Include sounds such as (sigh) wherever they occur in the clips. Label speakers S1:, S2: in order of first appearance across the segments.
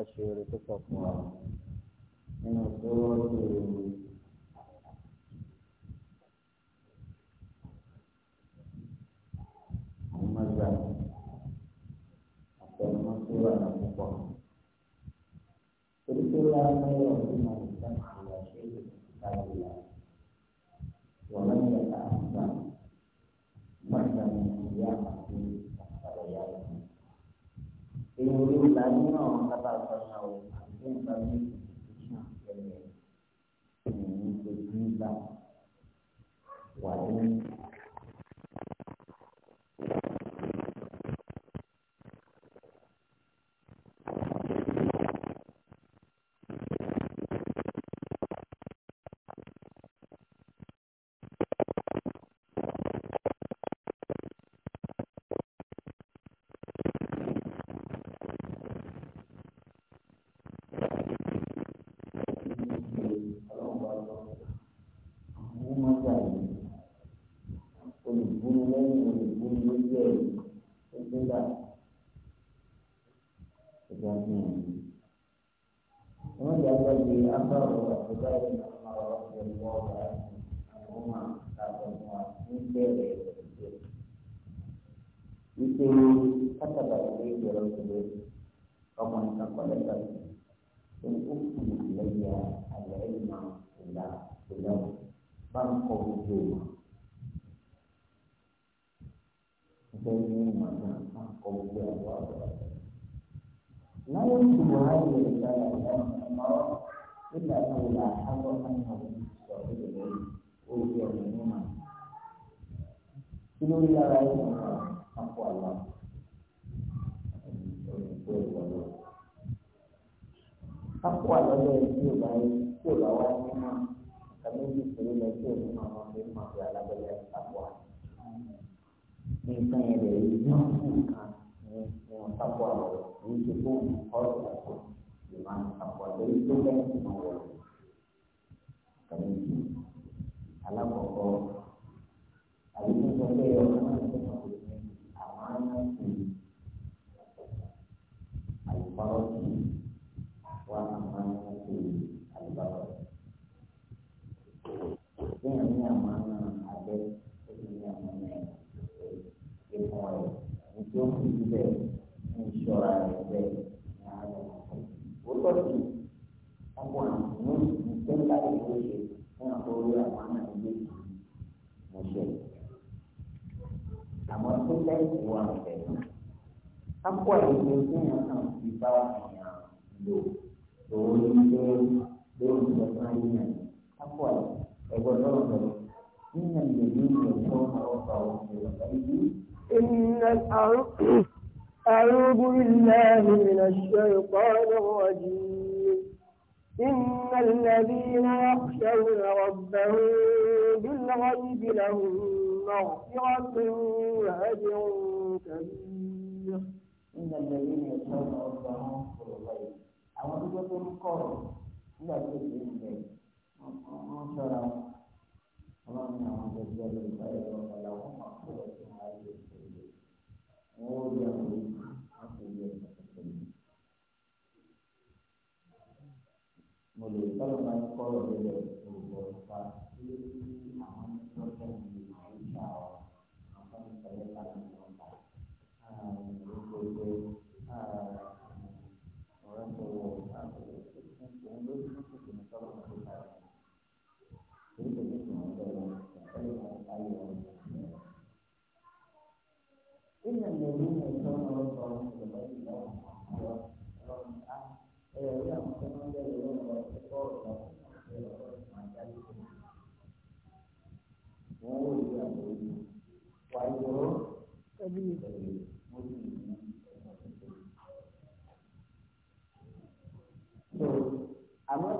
S1: aṣèrè tó sọ fún wa nínú tó rọ́ọ̀dù àwọn mọ́gbà àtẹnumọ́ tó wà ní púpọ̀. Torí tó lá mẹ́rọ̀ ọdún náà ní sáà àwọn aṣèrè káyọ̀ ìlà wọ́n lọ́wọ́ yàtà àgbà mọ́gbà ní ìyá àti àgbàlẹ̀ yàrá. Èrò ìlànà náà nípa ní ẹ̀ẹ́dẹ̀ẹ́dẹ́ ìgbà wà ní. orang yang ada suatu dari ulu yang minuman. Sinu dia lain adalah Abu Allah. Abu Allah dari sini lain sudah orang minuman. Kami di sini lain sudah minuman minuman dia lagi Abu Allah. Ini saya dari Yunus. bá èèyàn lò òun ní pé lórí ìjọba yíyan kápọ̀ ẹ̀gbọ́n lọ́rọ̀ lọ́rọ̀ yíyan lè ní ìyẹ̀wò ọ̀pá òkè ọ̀gá yìí.
S2: أعوذ بالله من الشيطان الرجيم إن الذين يخشون ربهم بالغيب لهم مغفرة وأجر كبير
S1: nígbà tí ẹ̀yìn ní ẹ̀tọ́ ọ̀nà ọgbà wọn sọ̀rọ̀ báyìí àwọn tó gbé tó ń kọ̀rọ̀ nígbà tí èdè ń bẹ̀ wọ́n sọ̀rọ̀ ọlọ́run ní àwọn tó gbé lórí báyìí ọ̀nà làwọn máa sọ̀rọ̀ sí wọn ayé ìṣẹ̀lẹ̀ wọn ó yẹ wọn lórí wọn sì yẹ ìṣẹ̀lẹ̀. mo lè sọ̀rọ̀ máa ń kọ̀rọ̀ lórí ọ̀rọ̀ إن الذين يكفرون ربهم بالغيب àwọn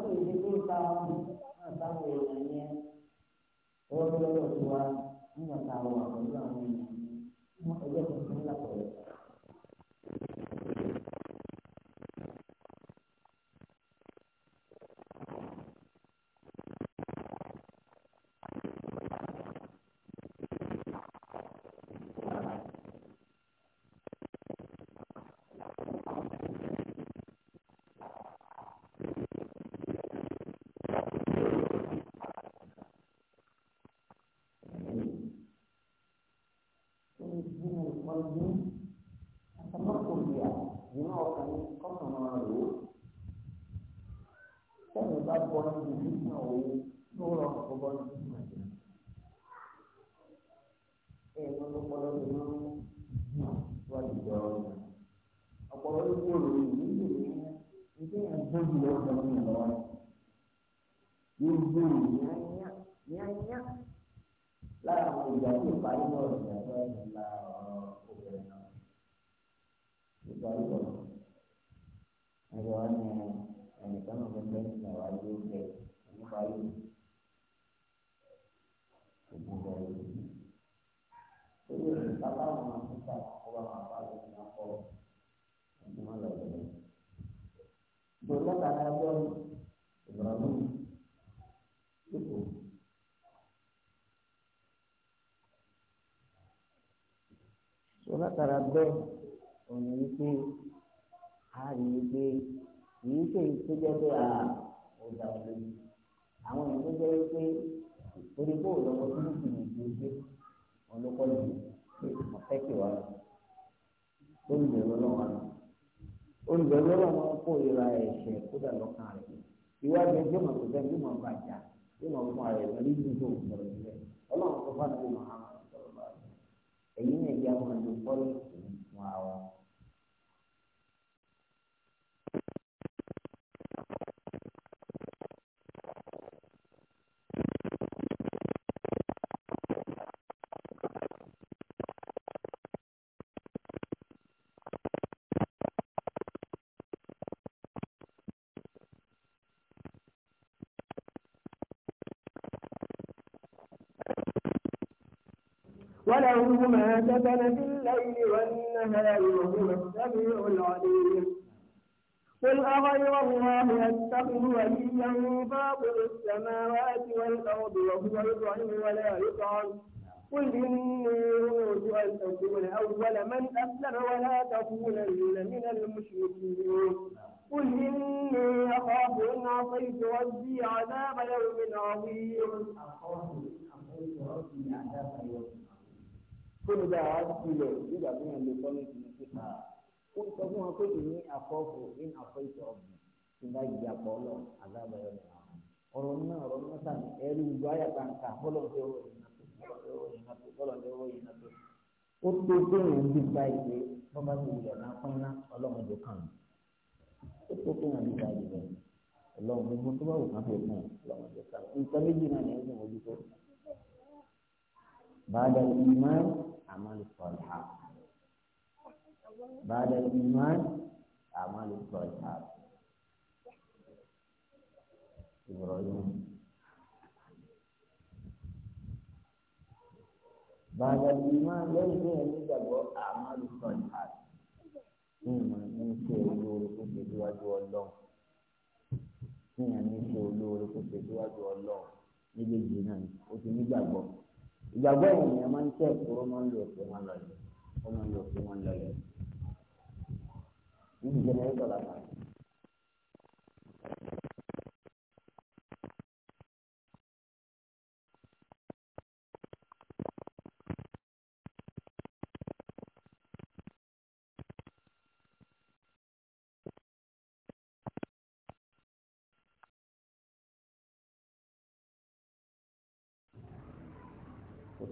S1: tó ìdí tó ta àtàwọn èèyàn yẹn owó tó lọ́wọ́ tó wa nígbà tá a wà pẹ̀lú àwọn èèyàn yẹn ẹgbẹ́ kọ̀ọ̀kan. ọdún. tó látara bẹ́ẹ̀ òní wípé a rí wípé kìí ṣe ìtọ́jọ́ pé a ò dà ọ́ lórí àwọn ìtọ́jọ́ wípé torí bó lọ́wọ́ tó ń kìlì ìdíje ọlọ́kọ́ lè ọ̀fẹ́ kì wá olùbẹ̀rù ọlọ́wọ́ àná olùbẹ̀rù ọlọ́wọ́ kó ìra ẹ̀ṣẹ̀ kódà lọ́kàn rẹ̀ ìwádìí ẹjọ́ mọ̀ tó fẹ́ bàjá bí fún ara ẹ̀ lórí ìdíje òkùnkùn rẹ̀ tó fà èyí ni ìyá wọn lè
S2: fọ́lọ́ sí fún wa. سكن في الليل والنهار وهو السميع العليم قل
S1: أغير الله أتخذ وليا فاطر السماوات والأرض وهو يطعم ولا يطعم قل إني أمرت أن أكون أول من أسلم ولا تكونن من المشركين قل إني أخاف إن عصيت ربي عذاب يوم عظيم أخاف إن عصيت ربي عذاب يوم tóbi bá a tilẹ̀ nígbà tó yàn lè kọ́ ní ìsinmi síta ó sọ fún wọn pé ìní àkọ́kù ní àkọ́ìtọ̀ ọ̀gbìn tí bá yìí àpọ̀ lọ àgbàbọ̀ yọ̀ nìyà ọ̀rọ̀ náà ọ̀rọ̀ náà sàmì ẹ̀rí ìlú ayàtà nǹkan bọ́lọ̀dé owó yìí náà tó bọ́lọ̀dé owó yìí náà tó bọ́lọ̀dé owó yìí náà tó
S2: ó tó kéèyàn
S1: bí gba ìwé bọ́n bá ti wùyà náà pín ná ọlọ́run tó kàn ó tó kéèyàn bí gba ìwé ọlọ́run gbogbo tó wù بعد الإيمان أعمال الصالحات بعد الإيمان أعمال الصالحات إبراهيم بعد الإيمان ليس يجب أعمال الصالحات إيمان من شيء يقول في الله إيمان من شيء يقول في الله méjèèjì náà ni ó ti nígbàgbọ́ ìgbàgbọ́ ènìyàn máa ń tẹ̀ kúrò máa ń lo òkè wọn lọlẹ̀ ó
S2: máa ń lo òkè wọn lọlẹ̀ ní ìjẹ́nẹ́rẹ́tọ̀ làkàtà.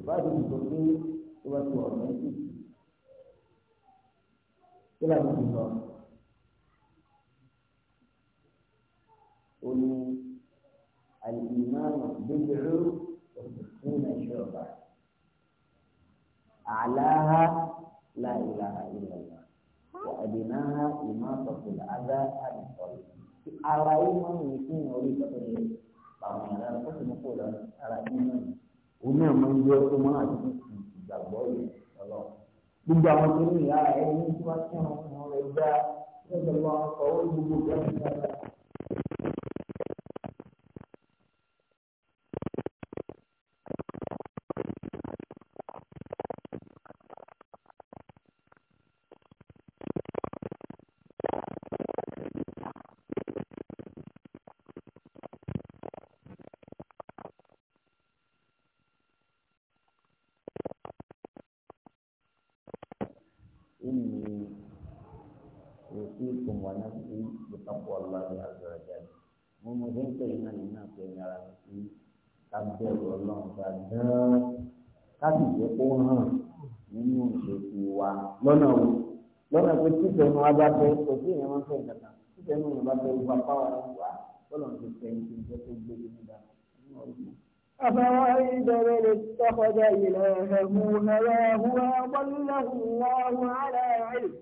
S2: wájú tó pé ìwádìí ọ̀rọ̀ ẹ̀ sì
S1: kí ló ń sọ ó ní alìmáàmù bíbélú òṣìṣẹ́ ìṣọ̀bà
S2: àláha
S1: láìláha ìlànà wà àdínáha ìmáàtọ̀kùn àdá àdìsọ̀rọ̀ ara ìmọ̀ nìkan orí ìtọ́jú rẹ̀ àwọn ará ó sì mú kó lọ ara ìmọ̀ nìkan. òun náà máa ń yọ tó máa àti ìgbàgbọ́ yìí lọ. gbogbo àwọn tó ní ìyá ẹni tí wọ́n ti hàn fún ọ rẹ̀ dá lọ́dọ̀ lọ́wọ́ gbogbo ìgbà hàn nínú ìṣèkì wa lọ́nà wo lọ́nà pé títẹ̀ nu abá fẹ́ kò sí ìyẹn máa ń fẹ́ ìdàgbà títẹ̀ nu ìyẹn bá fẹ́ wà páwà wà bọ́lá ń tẹ̀ ń tẹ̀ jẹ́ tó gbé nígbà nínú ọ̀rọ̀ أفرأيت من اتخذ إلهه هواه وأضله الله على علم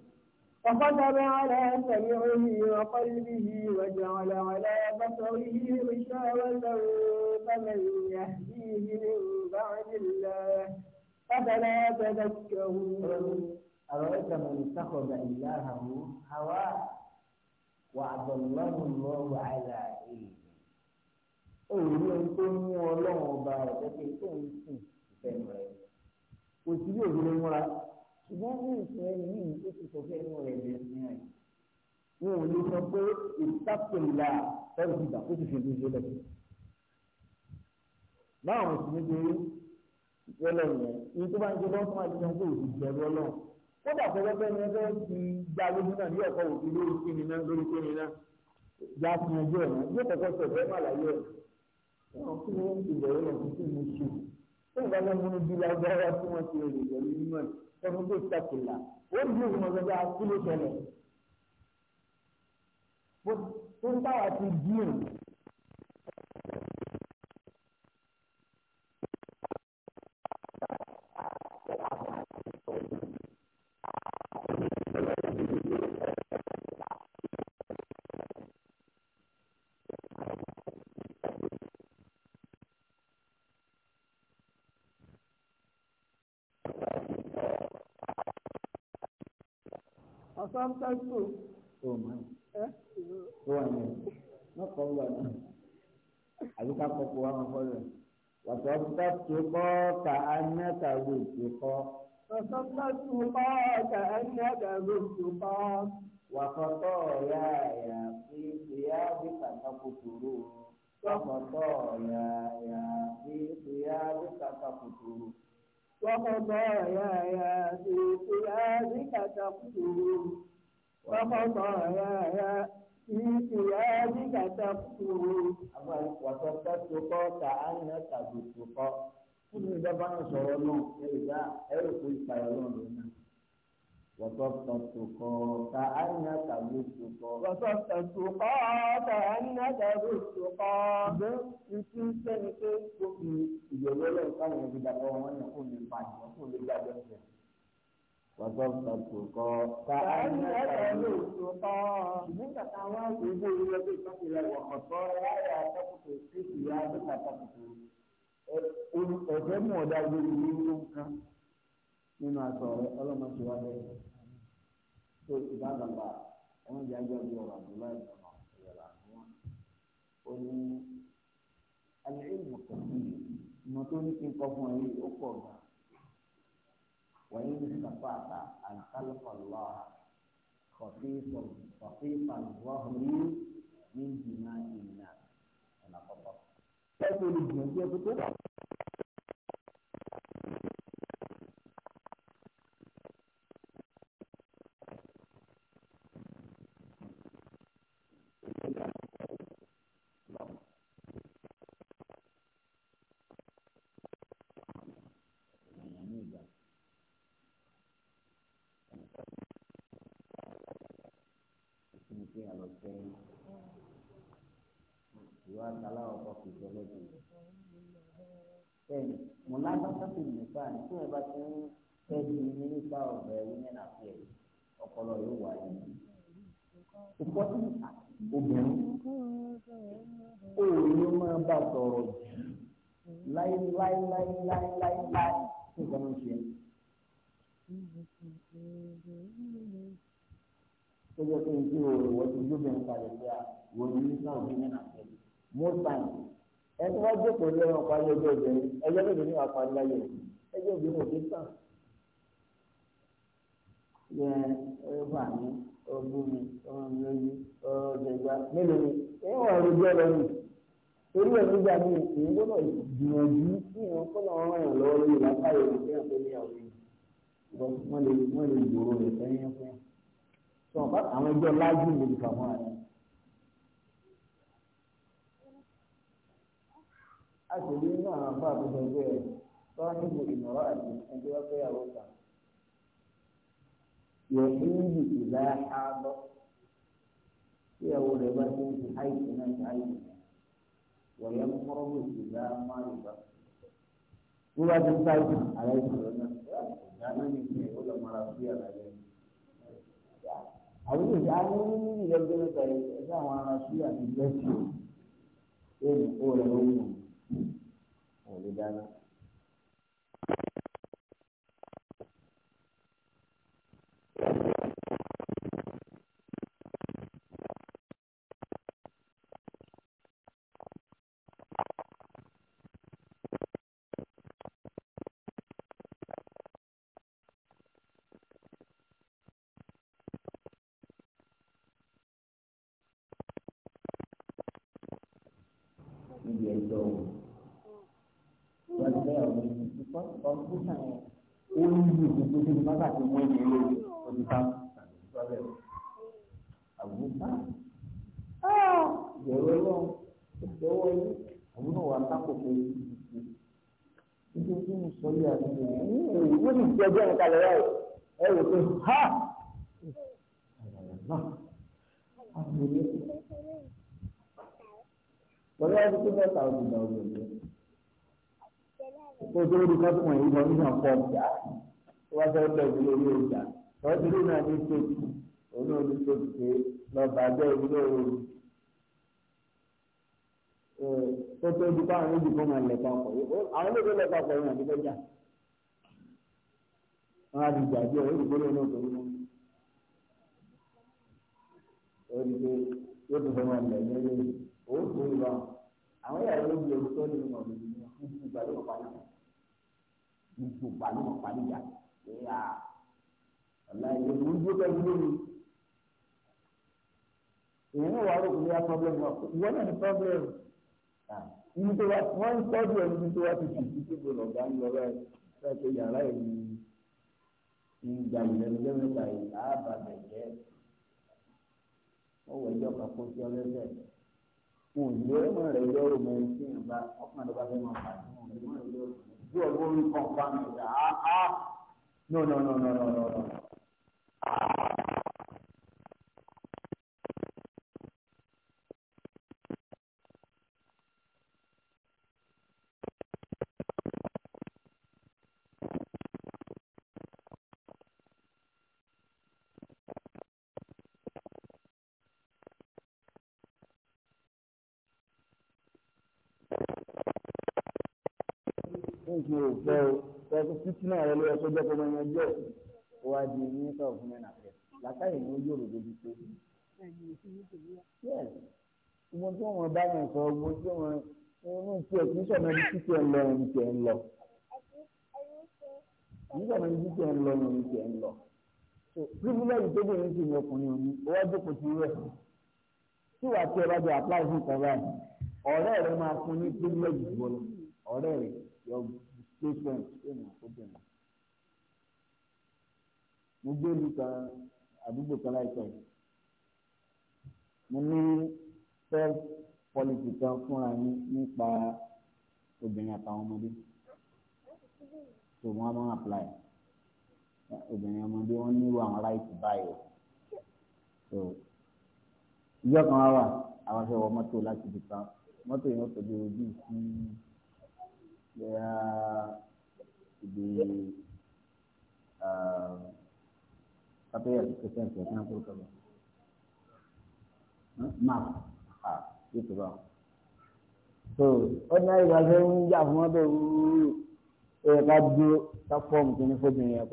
S1: فختم على سمعه وقلبه وجعل على بصره غشاوة فمن يهديه من بعد الله أفلا تذكرون أرأيت من اتخذ إلهه هواه وعد الله الله على علم èyí ohun tó ń mú ọlọ́run ọba rẹ̀ pé tó ń sìn ìfẹ́ rẹ̀ kò sí bí òbí ló múra ṣùgbọ́n ní ìsìn ẹni yìí ó ti sọ fẹ́ inú rẹ̀ bẹ̀rẹ̀ sí rẹ̀ wọn ò lè sọ pé ìtàkùnlá ẹrù ìgbà ó sì fi ìdíje lẹ̀ báwọn sì ní pé lọ́lọ́run yẹn ní tó ń jẹ bọ́ fún àti ẹni tó yìí jẹ̀rọ lọ́wọ́ kódà pẹ́ẹ́pẹ́ ni ẹgbẹ́ ti gba lójú náà ní ọ̀kọ́ òbí lórí kíni náà lórí kíni náà yá fún ẹjọ́ ẹ̀ náà yóò kọ́kọ́ sọ ẹ̀fẹ́ màláyé ẹ̀ náà kí ni wọ́n ti jẹ̀rọ lọ fún kí mo ṣe tó ìgbà náà múnú bí lágbára tí wọ́n ti rè pẹ̀lú inú ẹ̀ tọ́nu ah, tó ṣàkìlà ó dùn ìmọ̀ gbẹgbẹ́ akíló ṣẹlẹ̀
S2: Apa bukan tu? Oh, mana? Eh?
S1: Tuan ni. Nak kau buat ni. Aku tak kau kuat apa ni. Wasabtat tuqa ka'annaka wujtuqa.
S2: Wasabtat tuqa
S1: ka'annaka wujtuqa. Wafataya ya fi siyabika takuturu. Wafataya ya fi siyabika takuturu. وخطاياي في ثيابك تقتلون وخطاياي في ثيابك تقتلون وتصدقك أنك بالتقى كل ده بقى صورنا إيه ده إيه كل كلام وصفت كأنك بالسقى وصفت كأنك بالسقى ìtú sẹ́ni pé kó fi ìyẹ̀wò lẹ́yìn káwọn ẹbí dàgbà wọn ní kó lè fa ìwọ kó lè gbà jẹ́ fẹ́. wọ́sọ̀tà tó kọ́. kàánì ẹ̀rọ ló tó kọ́. nígbà táwọn àwọn ìwé ìwé ẹgbẹ́ ìtọ́kùnrin ẹ̀wọ̀ ọ̀tọ́ ẹ̀yà àtọ́kùnrin sí ìyá àdúgbò àtọ́kùnrin. ọ̀fẹ́ mú ọ̀dà gbogbo ìlú ló ń kan nínú àtọ̀ ọlọ́mọ tó ìbádọ́gba ẹ̀wọ̀n jẹ́ ajọ́ bí ọ̀rọ̀ àdúrà ìdáná ìyàrá àdúrà ó ní alẹ́ ìmọ̀ pẹ̀lú ìmọ̀ tó ní kí n kọ́ fún ọ yìí ó pọ̀ gan wàyí ní sàpàtà àǹkálùkọ̀lọ́ kọ̀fífà lọ́hùnmí ní jìnnà ìnà ọ̀nà kọ̀kọ́. ẹ kò lè jẹ́ bí tó tó. aláwọ̀ kan kò jọ lọ́dún yìí. bẹ́ẹ̀ni mo lágbára tó nípa ní tí wọ́n bá ti ń tẹ́jú ní nípa ọ̀bẹ women affairs ọpọlọ yóò wáyé.
S2: ìkọ́ sí obìnrin ó ní
S1: máa bá sọ̀rọ̀ jù láíláíláíláíláí tí nǹkan ń ṣe. Gbogbo pé ìdí òòrùn wọ́n ti gbóbìnrin kalẹ̀ sí à, wọ́n ní sáwọn women affairs mọ́tàn ẹni wá jókòó lọ́wọ́ ọ̀pá ní ọjọ́ obìnrin ẹjọ́ bèbè ní ọ̀pá láyé ẹjọ́ obìnrin ò dé tàn. yẹ ẹ bà mí ọgbọ́n mi ọmọ mi lójú ọ̀rọ̀ ọ̀dẹ̀gbà mélòó ni ẹ wà lójú ọ̀rọ̀ mi torí ẹ̀ nígbà mi èyí gbọ́dọ̀ gbìyànjú kí ìran kọ́nà ọ̀rọ̀ ẹ̀ lọ́wọ́ lórí làákàyè ìfẹ́ tó ní àwọn èèyàn wọ́n lè gbòòrò rẹ̀ fẹ́ yẹn fún yẹn. sọ̀rọ̀ bá àwọn ẹgbẹ́ lájú ìlú kàwọn àyà a sì rí inú àwọn afọ àkóso ẹgbẹ́ rẹ̀ tọ́wọ́ níbo ìmọ̀ràn àti ẹgbẹ́ wọn fẹ́ yàwó kan. yẹ̀kí níbi ìlà àbọ̀ tí ìyàwó rẹ̀ bá ti ń fi àìsàn náà ṣe àìsàn wọ̀nyẹ́ mọ́rọ́ bí ìlà máa lù bá. bí wàá ti ń ta àlẹ́ ìsọ̀rọ̀ náà ìyá náà ní ìpín ìwọ́lọ̀ mara sí àlàyé. àwọn ìṣe àwọn onímọ̀ ìlẹ́gbẹ̀rẹ̀ tàyẹ̀ ẹ̀ṣẹ̀ àwọn ará sí àti bẹ́ẹ̀ sí ẹ̀yìn ó rẹ̀ ó wù wọn lè
S2: dáná. Thank you.
S1: pòsíṣàn yẹn ó ní ìlú tó ti bá bàtí wọ́n ní ilé ọdún bá àbúrò ìbẹ̀rù ọlọ́run ìbẹ̀wọ̀ ilé àbúrò wa sákòókò ìdíje ìdíje tí mo sọ yìí àdúgbò yìí wọ́n ti jẹ́ ọjọ́ ìkàlẹ̀ rẹ̀ ẹ rò pé ha àbúrò yẹn. Wọ́n yára ti pé mẹ́ta ọdún náà ọdún yẹn
S2: kó tó lórí kọ́tùmọ̀ yìí lọ nínú ọ̀pọ̀
S1: ọ̀gá tó wá fẹ́ lọ sí orí ọjà tọ́jú ló náà ní sèkì òun ò ní sèkì pé lọ́ba jẹ́ ìlú òru. kó tó di káwọn méjì kó máa lẹ̀kọ́ ọkọ̀ yìí àwọn olóògbé lẹ̀kọ́ ọkọ̀ yìí àti kọjá. wọ́n á di ìjà díẹ̀ ó dìbò lónìí òkè mímú. ó di pé yóò tó fẹ́ máa lẹ̀ lẹ́yìn òun kò ní bá àwọn ìyàwó ló di olùkọ́ nínú ọ̀gbìn ìgbàlódé ọ̀pá náà gbogbo pàlú mọ̀ pàlú ìyá ìyá ọ̀la ìyá ìlú ìdí ọ̀la ìlú mi. èyí ni wàá kò ní wá problem wa ìwọ náà ní problem ibi tó wá wọ́n ń tọ́jú ẹ̀ níbi tó wá ti fi títí tó lọ gbà ń lọ rẹ̀ fẹ́ pé yàrá ẹ̀ ní ìgbà ìrẹ̀lẹ́dẹ́ mẹ́ta yìí ààbà bẹ̀jẹ́ ó ẹjọ́ kan kó sí ọlẹ́sẹ̀ kò ní ọmọ rẹ̀ yọ ọmọ ẹ̀ sí ìgbà ọkùnrin bá fẹ́ máa fà á sí ọmọ rẹ̀ yọ ọmọ tí ọ̀gbọ́n orí kan bá mi rà á á no no no no no no no.
S2: tí o fẹ́ o
S1: tọ́kù títí náà rẹ ló yẹ kó jẹ́ kó máa yanjú ẹ̀ kó wá di mínísítà ọ̀fun mẹ́rin àfẹ́ látàrí ni ó yóò rògbò bí pé. gbogbo tí wọn bá yàn sọ gbogbo tí wọn inú tí ẹ kìí sọ̀rọ̀ ní títí ẹ ń lọ ní tẹ̀ ń lọ kìí sọ̀rọ̀ ní títí ẹ ń lọ ní tẹ̀ ń lọ. privilege tó bẹ̀rẹ̀ ń sìn ọkùnrin òní owó jókòó ti rẹ̀ tí wàá tí ẹ bá jọ apply fún kọ̀ọ̀rọ̀ ọ̀rẹ́ rẹ máa fún ní privilege bọ́ọ̀lù ọ̀rẹ́ rẹ yọ̀ọ̀gbọ̀n statement èèyàn tó bẹ̀rẹ̀. mo gbé ìlú kan àdúgbò kan láìpẹ́ mo ní self policy kan fúnra mi nípa obìnrin àtàwọn ọmọdé tó wọ́n máa ń apply obìnrin ọmọdé wọ́n nílò àwọn láìsí báyìí o ìjọ kan wá wà àwọn afẹ́wọ́ mọ́tò láti dìkan mọ́tò yẹn ó tọ́jú ojú sí i bóyá ibi kápẹ́yà hmm? tó kẹsẹ̀ ẹ̀ kí wọ́n tó kọ́ lọ. Máa à So ó ní àyè ìgbàgbé ń jà fún ọbẹ̀ wúrú ẹ̀yẹ ká dúró ká fọ́ọ̀mù tó ní fóbìnrin yẹn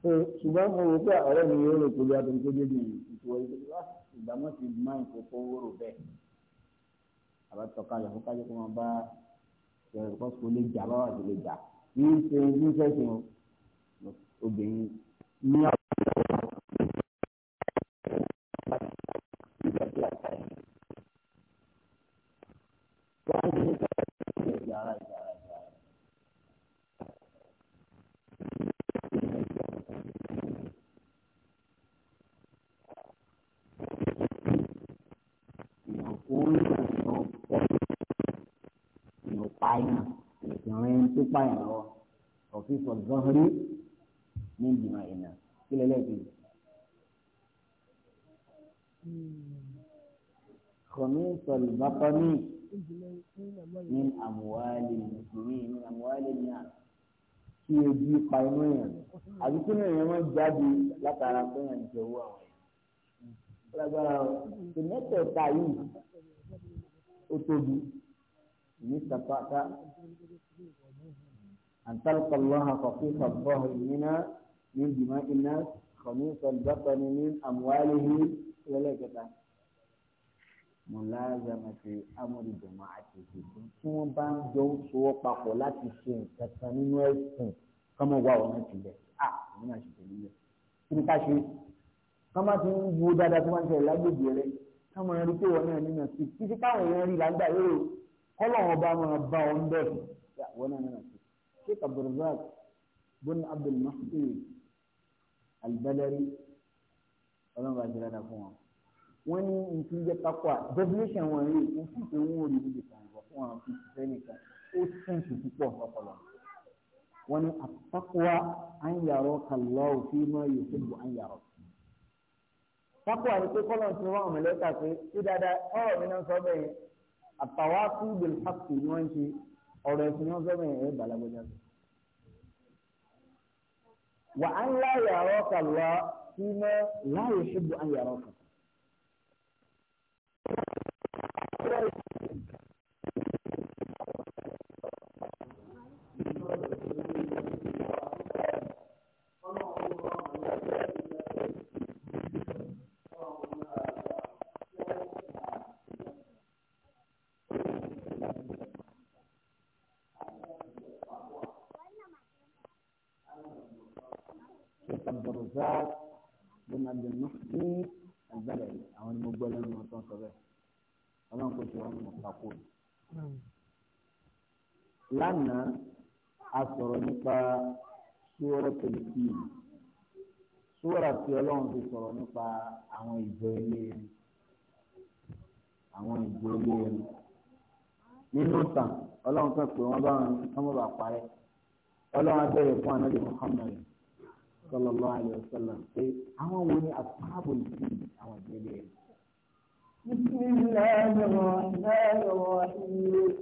S1: So ṣùgbọ́n mo wò pé ọ̀rẹ́ mi yóò rò kó bí a tó ń kó dé bí bẹ́ẹ̀ àbátọ̀ka lọ fún kájọ́ kó máa bá ẹ̀rọ kọ́sùkò lè jà báwà sí lè jà ní ṣe ní ṣe obìnrin ní àwọn zọ́hìrì ní ìgbìmọ̀ ìnà kí lẹ́lẹ́gbẹ̀ẹ́ خميس البطن من أموال المسلمين من أموال الناس kí ojú pa inú èèyàn àbí kí èèyàn wọn jáde látara pé èèyàn jẹ owó àwọn èèyàn lágbára أن تلقى الله خفيف الظهر منا من دماء الناس خميس البطن من أموالهم ولكتا ملازمة أمر جماعته tí wọ́n bá ń jọ ń sowọ́ papọ̀ láti ṣe nǹkan kan nínú ẹ̀sìn kọ́mọ wà ọ̀nà tìlẹ̀ à ní máa ṣe tẹ̀lé yẹ kí ni ká ṣe kọ́mọ ti ń wo dáadáa tó máa ń ṣe lágbègbè rẹ kọ́mọ rí pé wọn náà nínú sí títí káwọn èèyàn rí làǹdà yóò kọ́lọ̀ wọn bá máa bá wọn bẹ̀ wọ́n náà nínú sí. Sheikh Abdulrazak bin Abdul Mahdi Al-Badari ọlọ́run bá ti rárá fún wọn. wọ́n ní nǹkan jẹ́ pápá definition wọn yìí kò sí pé wọ́n ò rí ibi kan ìwọ̀ fún àwọn fi ṣiṣẹ́ nìkan ó sẹ́ǹsì púpọ̀ ọpọlọ. wọ́n ní àpapọ̀ ànyàrọ̀ kàlọ́ òfin náà yóò ṣe bu ànyàrọ̀. pápá ni pé kọ́lọ̀ ti rán ọ̀mọ̀lẹ́ta pé kí dáadáa ọ̀rọ̀ mi náà sọ bẹ́ẹ̀ àtàwákú bil haqqi ni wọ́n ń ṣe ọ̀rọ̀ ẹ̀sìn ni wọ́n fẹ́ bẹ̀rẹ̀ ẹ̀ balagbẹ́jà sí. wà á ń láyà ọ̀rọ̀ kàlùwà sí mọ́ láyè ṣubú ayàrá ọ̀fọ̀. wọn mọ̀ pàkó. lánàá a sọ̀rọ̀ nípa sóòrò tẹ̀lifí sóòrò tí ọlọ́run ti sọ̀rọ̀ nípa àwọn ìjọ ilé rẹ̀ àwọn ìjọ ilé rẹ̀ nínú ìtàn ọlọ́run kan pé wọ́n bá wọn sọ́mọ́ bá parẹ́ ọlọ́run abẹ́rẹ́ fún anáde Muhammad sallallahu alayhi wa sallam pé àwọn wo ni àtàbọ̀ ìsìn àwọn ìjọ ilé rẹ̀.
S2: بسم الله الرحمن
S1: الرحيم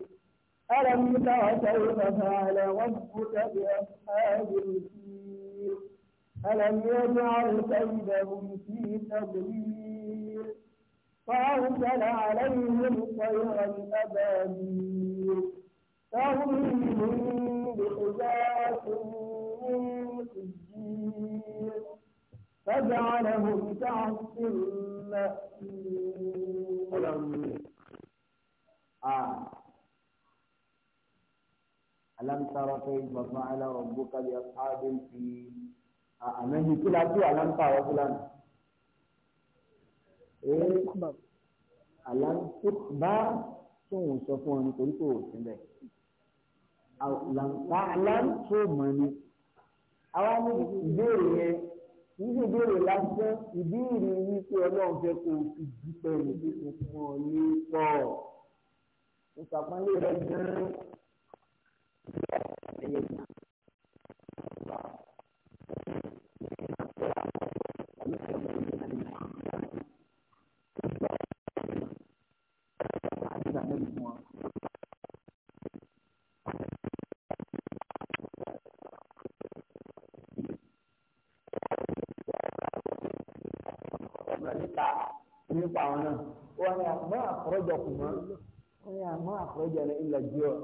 S1: ألم تر كيف فعل ربك بأصحاب الفيل ألم يجعل كيدهم في تضليل فأرسل عليهم طيرا
S2: أبابيل ترميهم بحجارة من سجيل فجعله كعصف مأكول
S1: ألم تر كيف فعل ربك بأصحاب الفيل أمني كلا تو ألم تر فلان إيه ألم تخبر tóun sọ fún ọ nítorí kò sílẹ̀ làǹtàlàm tó mọ̀ ni àwa ní oníbèrè lásán ìbéèrè wípé ọlọ́run fẹ́ kó o fi dúpẹ́ níbi òkun ọ̀lẹ́ pọ̀ ìsàpánlé rẹ gan-an
S2: ẹ̀yẹ̀ gbà.
S1: عنه وأنا ما أخرجكما أنا ما أخرجنا إلا الجوع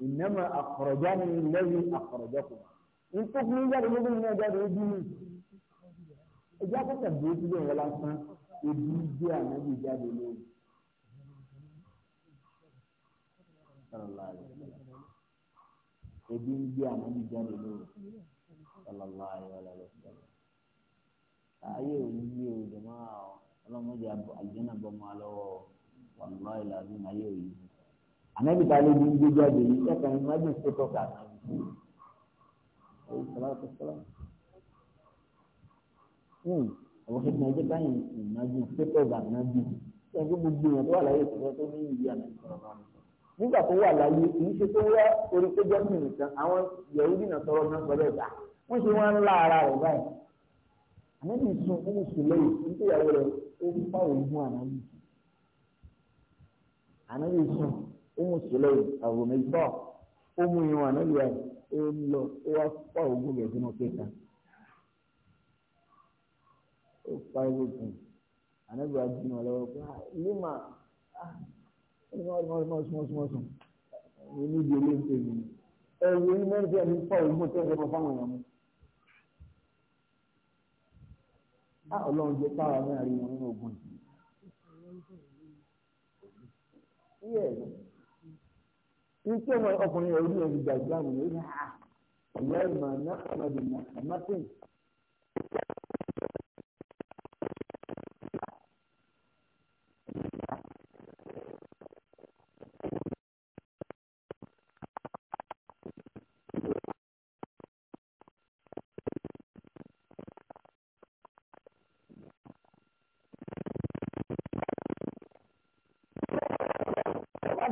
S1: إنما أخرجني الذي أخرجكما إن تخرج الذي نجر به إذا تتبعت لي ولا أسمع إبليس جاء نبي جاء بلون صلى الله عليه وسلم إبليس جاء نبي جاء بلون صلى الله عليه وسلم أيوه أيوه جماعة ọlọ́mọdé àlùjẹ́nà bọ́mọ alọ́wọ́ wàlúwà ìlànà ayé òyìn. ànábì ta ló ní gbé jáde yìí lẹ́kàn ní májèlé tó tọ́ka hmm, àwọn ìgbìmọ̀ ẹgbẹ́ báyìí ìnájú pépè gbàgbọ́njú ṣé ẹgbẹ́ gbogbo èèyàn tó wà láyé ìṣòro tó ní ìdí àná nígbà tó wà láyé kì í ṣe tó wá orí tó jẹ́ mí nìkan àwọn yẹ̀wúdì náà sọ̀rọ̀ náà sọ̀rọ̀ ẹ̀dá wọ́n ṣe wọ́n ń lá ara rẹ̀ báyìí àmọ́ ìsún fún ìṣúlẹ̀ yìí nítorí àwọn rẹ̀ ó fà ogún ànábì ànábì sùn ó mú sílẹ̀ àgọ́ méjì bọ́ ó mú irun ànábì rẹ̀ ó lọ ó wá fà ogún rẹ̀ sínú kéka ó fà ogún ànábì rẹ̀ jìnnà lọ́wọ́ pé ilé mà ẹni wọ́n mọ̀ mọ̀ sùn sùn sùn mo ìdílé ń pè mí ẹ̀rù ìmọ̀ ìdílé ń fà ogún tẹ́lẹ̀ mọ́ fáwọn èèyàn Ah, ọlọ́run jẹ́ káwa náà rí wọn nínú ogun yìí. ní ọmọ ọkùnrin rẹ̀ rí ẹ̀ gbàgbọ́ àwọn ènìyàn ìmọ̀ náà ọmọdé náà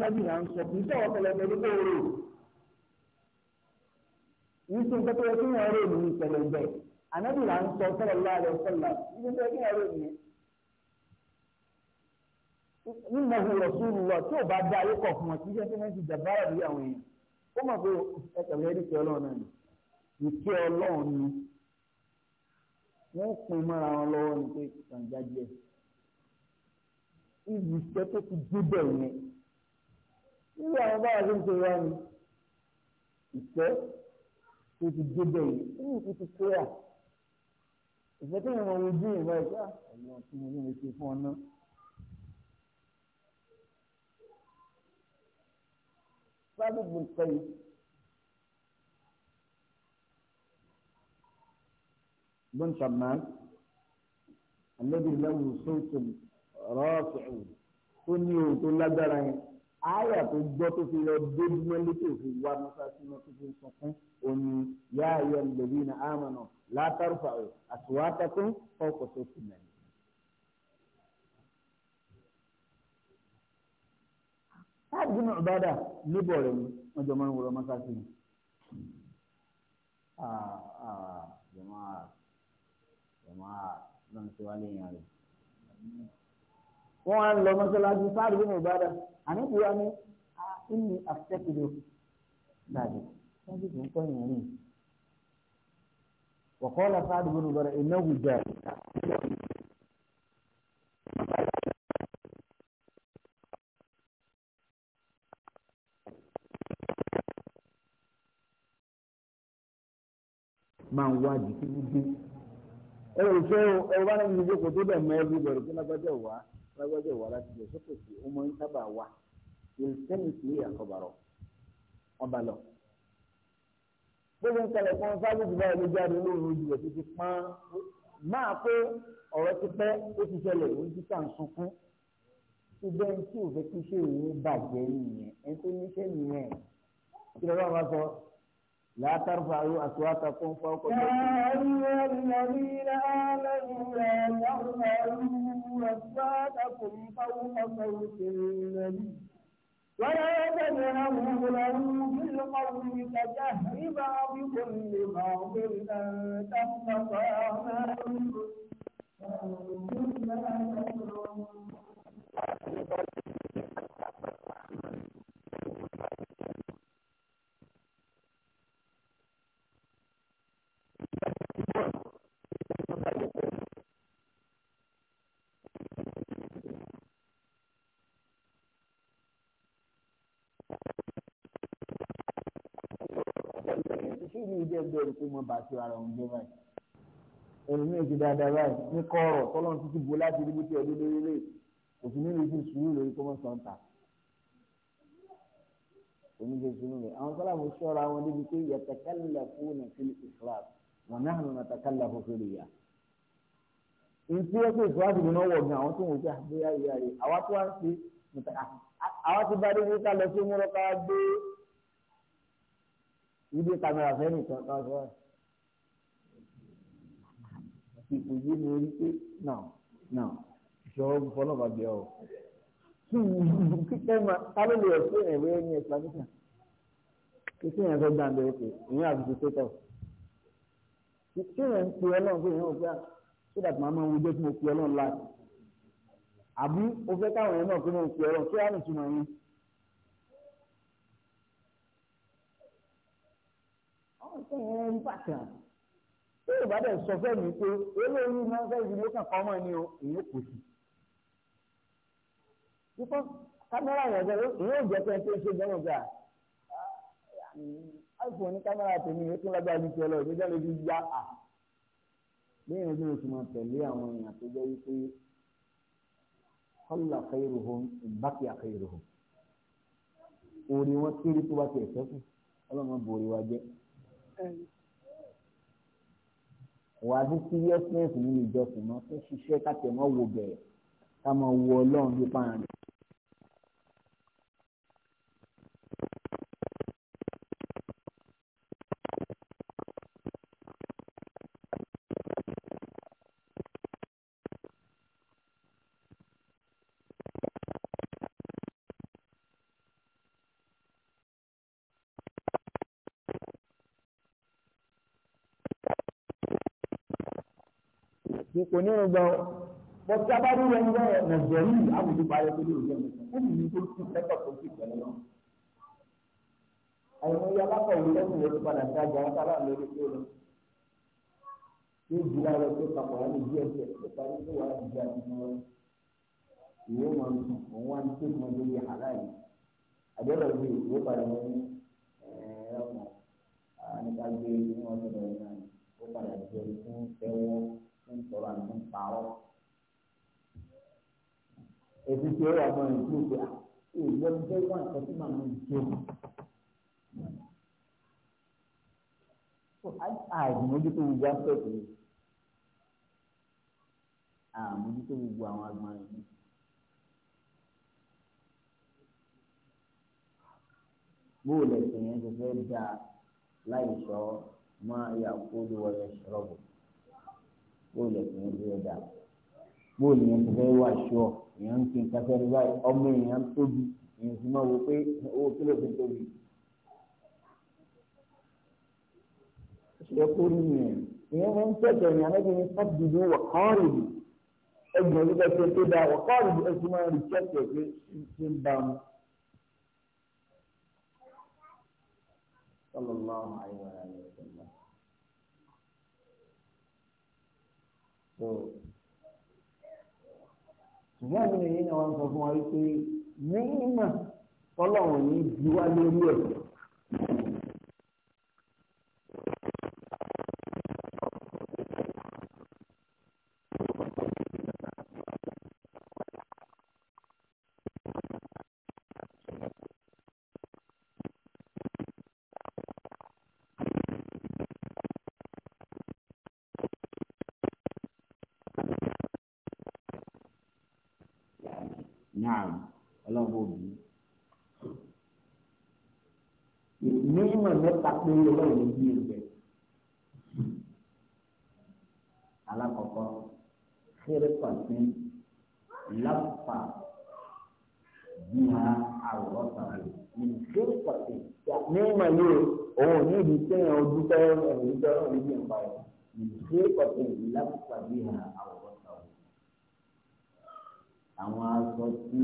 S1: tábàbí là ń sọ kì í sọ àwọn pẹlẹbẹ ní kò rò yìí tó ń tọ́ pé kí wọ́n rò ní pẹlẹbẹ ànábì là ń sọ sọ̀rọ̀ láàrẹ̀ sọ̀là yìí tó ń tọ́ kí wọ́n rò ní.
S2: nínú ọ̀hún rọ̀súlù lọ
S1: tí ò bá dá ayé kọ̀ fún ọ kì í ṣe pé wọ́n ti jàbára bí àwọn èèyàn ó mọ̀ pé ẹ̀kẹ̀lẹ́ ẹ̀rí kẹ́ ọlọ́run náà ni ìkẹ́ ọlọ́run ni wọ́n pin mọ́ra wọn lọ́wọ́ ni pé kàǹjá jẹ́ ìyìí iṣẹ́ tó ti débẹ̀ yẹn irú àwọn báwa ló ń ṣe wá ni ìfẹ́
S2: tó ti débẹ̀ yìí nínú
S1: ìfẹ́ ti kéré à ìfẹ́ tó yẹn wọn ojú ìwọ ẹ̀ka ẹ̀yọ tí mo ní lè ṣe fún ọ náà. sábà gbọ́n pẹ́ yìí. بن شمال الذي له صوت رافع كني وتلا درين àyà tó gbọ́ tó fi lọ dé mọ́lé tó fi wá mọ́sáàsì náà tó fi ń sọkún òní yá ayọ̀ lèbi na àmàna látàrúfà ọ̀ àtúwátà tó fọkọ̀ tó ti mẹ́rin.
S2: káàdì náà ìbádà
S1: níbọ̀ rẹ̀ ni wọ́n jọ máa ń wọ̀rọ̀ mọ́sáàsì ni. jọ̀mọ́ ah, ah, jọ̀mọ́ lọ́nà tí wàá lè rẹ̀ wọ́n á lọ mọ́sálásí fáàrí bí mo bá dà àníbi wa ni a ìní àfẹ́kìlò dàdí wọ́n ti fi kọ́ ìyẹn rìn. وقال سعد بن عمر انه جاهل máa ń wádìí kí ló dé
S2: ẹ ò fẹ́ ẹ wá lẹ́nu
S1: ìjókòó tó dẹ̀ mọ́ ẹ bí bẹ̀rù kí lágbájá wàá lágbájá ìwà láti jẹ sókè sí ọmọ ń sábà wà ìlítẹ́nì sí àkọ́bàrọ̀ wọn bá lọ. gbogbo nǹkan ẹ̀kọ́ sáájú ti báyìí ló jáde lóru ojú rẹ̀ ti ti pọ́n máa pé ọ̀rọ̀ ti pẹ́ ó ti ṣẹlẹ̀ òun ti tàn sunkún. ṣùgbọ́n ẹni tí ò fẹ́ kí iṣẹ́ ìwé bàjẹ́ nìyẹn ẹni tó níṣẹ́ nìyẹn kí lọ́wọ́ máa sọ لا ترفعوا أصواتكم فوق يا
S2: أيها الذين آمنوا لا
S1: ترفعوا أصواتكم فوق صوت النبي ولا تجهروا له بالقول كجهر بعضكم
S2: لبعض أن تحبط أعمالكم kíni
S1: ìdẹ́ bẹ́ẹ̀ kó mọ bàtí ara òun jẹ báyìí ẹ̀mí èjì dáadáa báyìí ní kọ́ọ̀rọ̀ tọ́lọ́n títí bo láti rí bóti ọdún lórí lè kò sí nínú ìdí sùúrù lórí kó mọ sọ̀ǹtà oníṣẹ́ sùúrù rẹ̀ àwọn sọ́làmù sọ́ra wọn níbi pé yàtàkàlà fún nàfíìlì ìfúrà wọn náà nàtàkàlà fún fèrè yàtọ̀ ní tí wọ́n pè fún àdìmọ́ náà wọ̀ gan àwọn tó ń wò pé àgbéyà ah, ìyá rẹ̀ àwa tó wá ń ṣe mùtàkà ah, àwa ti bá débi ká lọ sí múlọ́ ká gbé ibi kámẹ́rà fẹ́ nìkan ká sọ ìpò yé mi rí pé náà náà ìṣòro fọlọ́ba bíọ́ o kíkẹ́ máa ta ló lè ṣe ẹ̀wé ní explanation kíkẹ́ yẹn fẹ́ gbàgbé òkè ìyẹn àbùkù tó tọ̀ kíkẹ́ yẹn ń pe ọlọ́run pé ìyẹn ò gbà so that màá máa wo jẹ́ kí mo pe ọlọ́run láti àbí o fẹ́ káwọn yẹn náà kí mo pe ọlọ́run kí wàá nìtumọ̀ yín.
S2: ọ̀sẹ̀ yẹn ń bàtà
S1: tí yóò bá dẹ̀ sọ fẹ́ mi pé eléyìí máa ń fẹ́ ìdílé kan kọ́ mọ́ ni o èyí kò sí. Bíkọ́ kámẹ́rà yẹn jẹ́ èyí ò jẹ́ pé ẹ ti ṣe gbọ́dọ̀ gbà ah, ah, iPhone ní kámẹ́rà tèmi yìí tún lágbára ti ọlọ́ọ̀ lè fi ya ah, à bẹ́ẹ̀ ni oṣù máa tẹ̀lé àwọn èèyàn tó jẹ́ wípé kọ́là khairuhum ìbákí khairuhum orí wọn kéré tó bá ti ẹ̀fẹ́ kù ọlọ́run bò orí wa jẹ́. wàá sí seriousness nínú ìjọsìn náà fún ṣiṣẹ́ káàkiri máa wo bẹ̀rẹ̀ ká máa wo ọlọ́run nípa rẹ̀.
S2: kò ní ọgbà ọ
S1: bọ́tí abájú yẹn ń bẹ̀rẹ̀ nàìjíríì àwùjọ báyọ̀ tó lóòjọ́ mẹ́ta ó sì ní tó kí sẹ́kọ̀ tó kí pẹ̀lú lọ. àwọn ọmọ yàrá kọ̀ wọlé ẹ̀sìn lọ́sùn padà sí ajá wọn sábà lórí tó lọ. yóò di láyọ̀ tó papọ̀ wọn ní díẹ̀ díẹ̀ tó parí tó wà ní ìjà tuntun wọn. ìwé wọn sùn òun wá ní tó wọn lórí àlá yìí. àbẹ̀rẹ̀ bíi ìwé padà wọn ní ẹ̀ẹ́dẹ́gbọ̀n ń sọ̀rọ̀ àti ń parọ́. Èsì tí ó yà mọ́ ìlú ìgbà ìgbẹ́ mi fẹ́ wọ́n ìtọ́jú màá mi jẹ́. Àìmójútó gbogbo aspect yìí. Àmójútó gbogbo àwọn agbọ̀nrin yìí. Bóòlù ẹ̀sìn yẹn ti fẹ́ dáa láì sọ máa yà kó lówó ẹ̀ ṣọ́rọ̀bù bóòlù ẹ̀sìn yẹn ti rẹ̀ dà bóòlù yẹn ti fẹ́ wà ṣọ́ èèyàn ń fi nǹkan sẹ́ni báyìí ọmọ èèyàn tóbi èèyàn sì máa wò pé owó kílò fi tóbi. ìṣẹ̀kú rí yẹn èèyàn máa ń tẹ̀sẹ̀ ní alẹ́ ní sábìdì wọ̀kọ́rìbì ẹgbẹ̀rún ló bẹ́ẹ̀ ṣe tó dáa wọ̀kọ́rìbì ẹ̀sìn máa rí kẹ́kẹ́ pé ṣe ń bá mu. sallallahu alaihi wa ṣùgbọ́n àwọn èèyàn náà wọ́n sọ fún wa wípé nígbà tọ́lọ́run ní bí wá lórí ẹ̀ ààrùn ọlọ́run bó bí. ní ìmọ̀ mẹ́ta pé ọlọ́run ló bí ẹgbẹ́. alákọ̀ọ́kọ́ kérépọ̀tì lápá bí a àwòrán sàrẹ̀ ní kérépọ̀tì ní ìmọ̀ ní òun ní ìdí sẹ́yìn ojú tẹ́lẹ̀ ẹ̀rọ ìjọba ìdí ìpa ẹ̀ ní kérépọ̀tì lápá bí a àwòrán àwọn aṣọ tí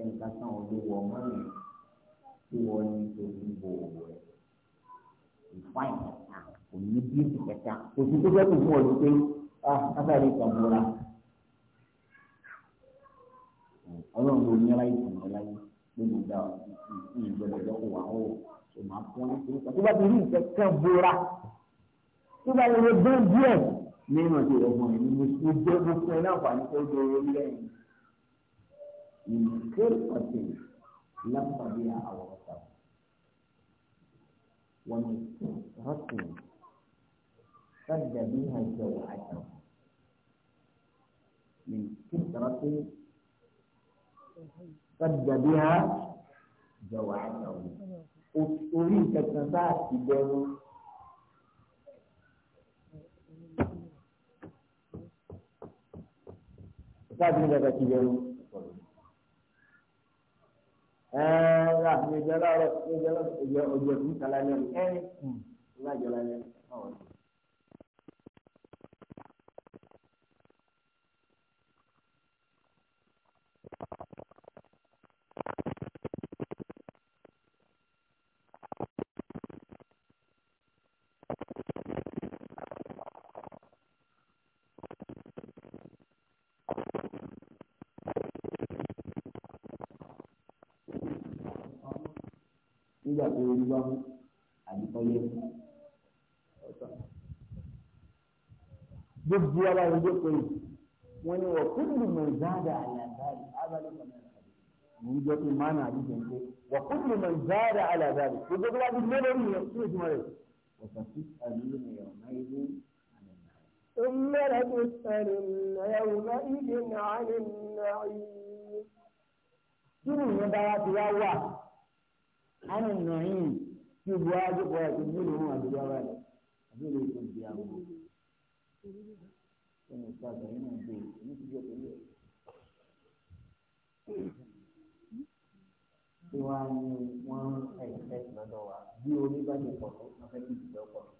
S1: ẹnìkan kan ò lè wọ̀ mọ́ yẹn tí wọ́n ní torí wò rẹ̀ ìfáì kẹta kò ní bíìsì kẹta kò sí tó fẹ́ kó fún ọ ló pé afẹ́rẹ́ ah, ìtàn múra ọlọ́run ló ní aláyé tàn án láyé nínú ìgbà ìgbẹ́lẹ́jọ́ kò wá ó kò máa fún ẹ nítorí tó bá ti rí ìkẹ́kẹ́ bóra tó bá lè gbọ́n díẹ̀ nínú àti ìrọ̀gbọ̀n ẹ̀ ní mo jẹ́ mo fún ẹ láǹfààní tó dé orí lẹ́yìn. من فرقة لم بها عورته ومن كثرة سد بها جوعته من كثرة سد بها جوعته أريد كتابات بدون كتاب من ذاك ẹ̀ẹ́dà mi jẹ́ láàárọ̀ mi jẹ́ lọ́sọ̀ ọjọ́ ọjọ́ ìtàlá lẹ́nu ẹ̀ẹ́dì ìlú àjọlá
S2: lẹ́nu ọ̀hún.
S1: kó orí wá mú àbí kọ́ yẹ kú. gbogbo ara ẹ̀ ló pé wọ́n ní wọ́n kó lè mọ̀ ìdáàdà àlàdáàdì ábàlẹ̀ kọ̀ọ̀nà mo ń jẹ́ pé máa nà àbí jẹ̀ǹdé wọ́n kó lè mọ̀ ìdáàdà gbogbo tó bá ti lórí yẹn kí èsì mọ̀ rẹ̀ wọ́n sì àlùyé ni ọ̀nà ilé
S2: ثم لتسألن
S1: يومئذ عن النعيم. kí ni ìyẹn bá wá àmì nàìjíríà tí bu àjọpọ̀ àti bílù wọn àti yàrá rẹ̀ àbílù ìfún ìdí àwọn ẹni ìtajà yìí náà dé ní ti jẹ́ pẹ̀lú ẹ̀. tí wàá ní wọ́n ẹ̀ẹ́dẹ́gbẹ̀ẹ́ lọ́dọ̀ wa bí oníbàjẹ́ pọ̀ tó wọ́n fẹ́ kí ìdílé ọkọ̀ rẹ̀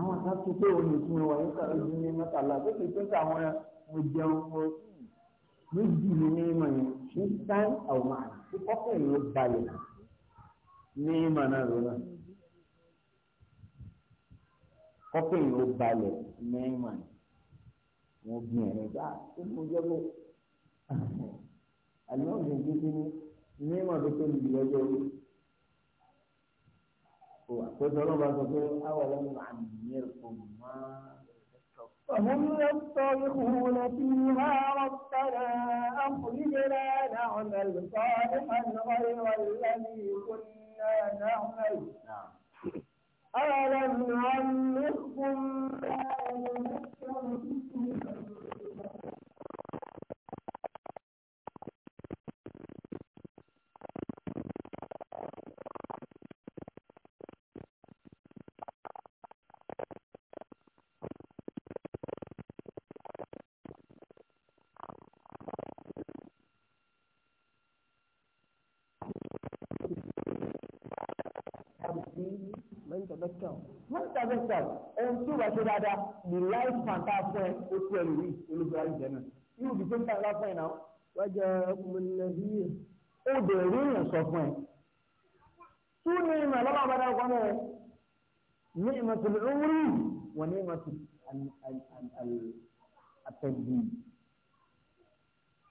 S1: àwọn kan tó pé òun ìtumọ̀ wà nípa ìdílé mẹ́tàlá pé kì í tó ń ta àwọn mo jẹun mo méjì ni ní ìmọ̀ yẹn ní time àwọn máa ní kọ́kọ́ yìí ó balẹ̀ ní ìmọ̀ náà ló náà kọ́kọ́ yìí ó balẹ̀ ní ìmọ̀ yẹn wọ́n gbìyànjú bá ah, ó mú ọjọ́ bó àná òjò gidi ní ní ìmọ̀ tó tóbi jù lọ́jọ́ orí àpéjọ ọlọ́ba sọ pé àwọn ọlọ́run àmì yẹn kò máa. وهم يصطرخون فيها ربنا أخرجنا نعمل صالحا غير الذي كنا
S2: نعمل ألم نعمركم ما فيه
S1: tẹ̀lẹ́tàn wọ́n tẹ̀lẹ́tàn ohun tí wàá ṣe dáadáa the life fanta fún ẹ ó tú ẹ lórí olùdarí jẹ náà yóò di same time láfún ẹ náà wọ́n jẹ ọkùnrin lẹ́bí yẹn ó bẹ̀rẹ̀ èèyàn sọ fún ẹ.
S2: tú ní ìmọ̀ lọ́wọ́ àbádá ọkọ náà
S1: ní ìmọ̀ tó lè rí wọn ní ìmọ̀ tó àtẹ̀jì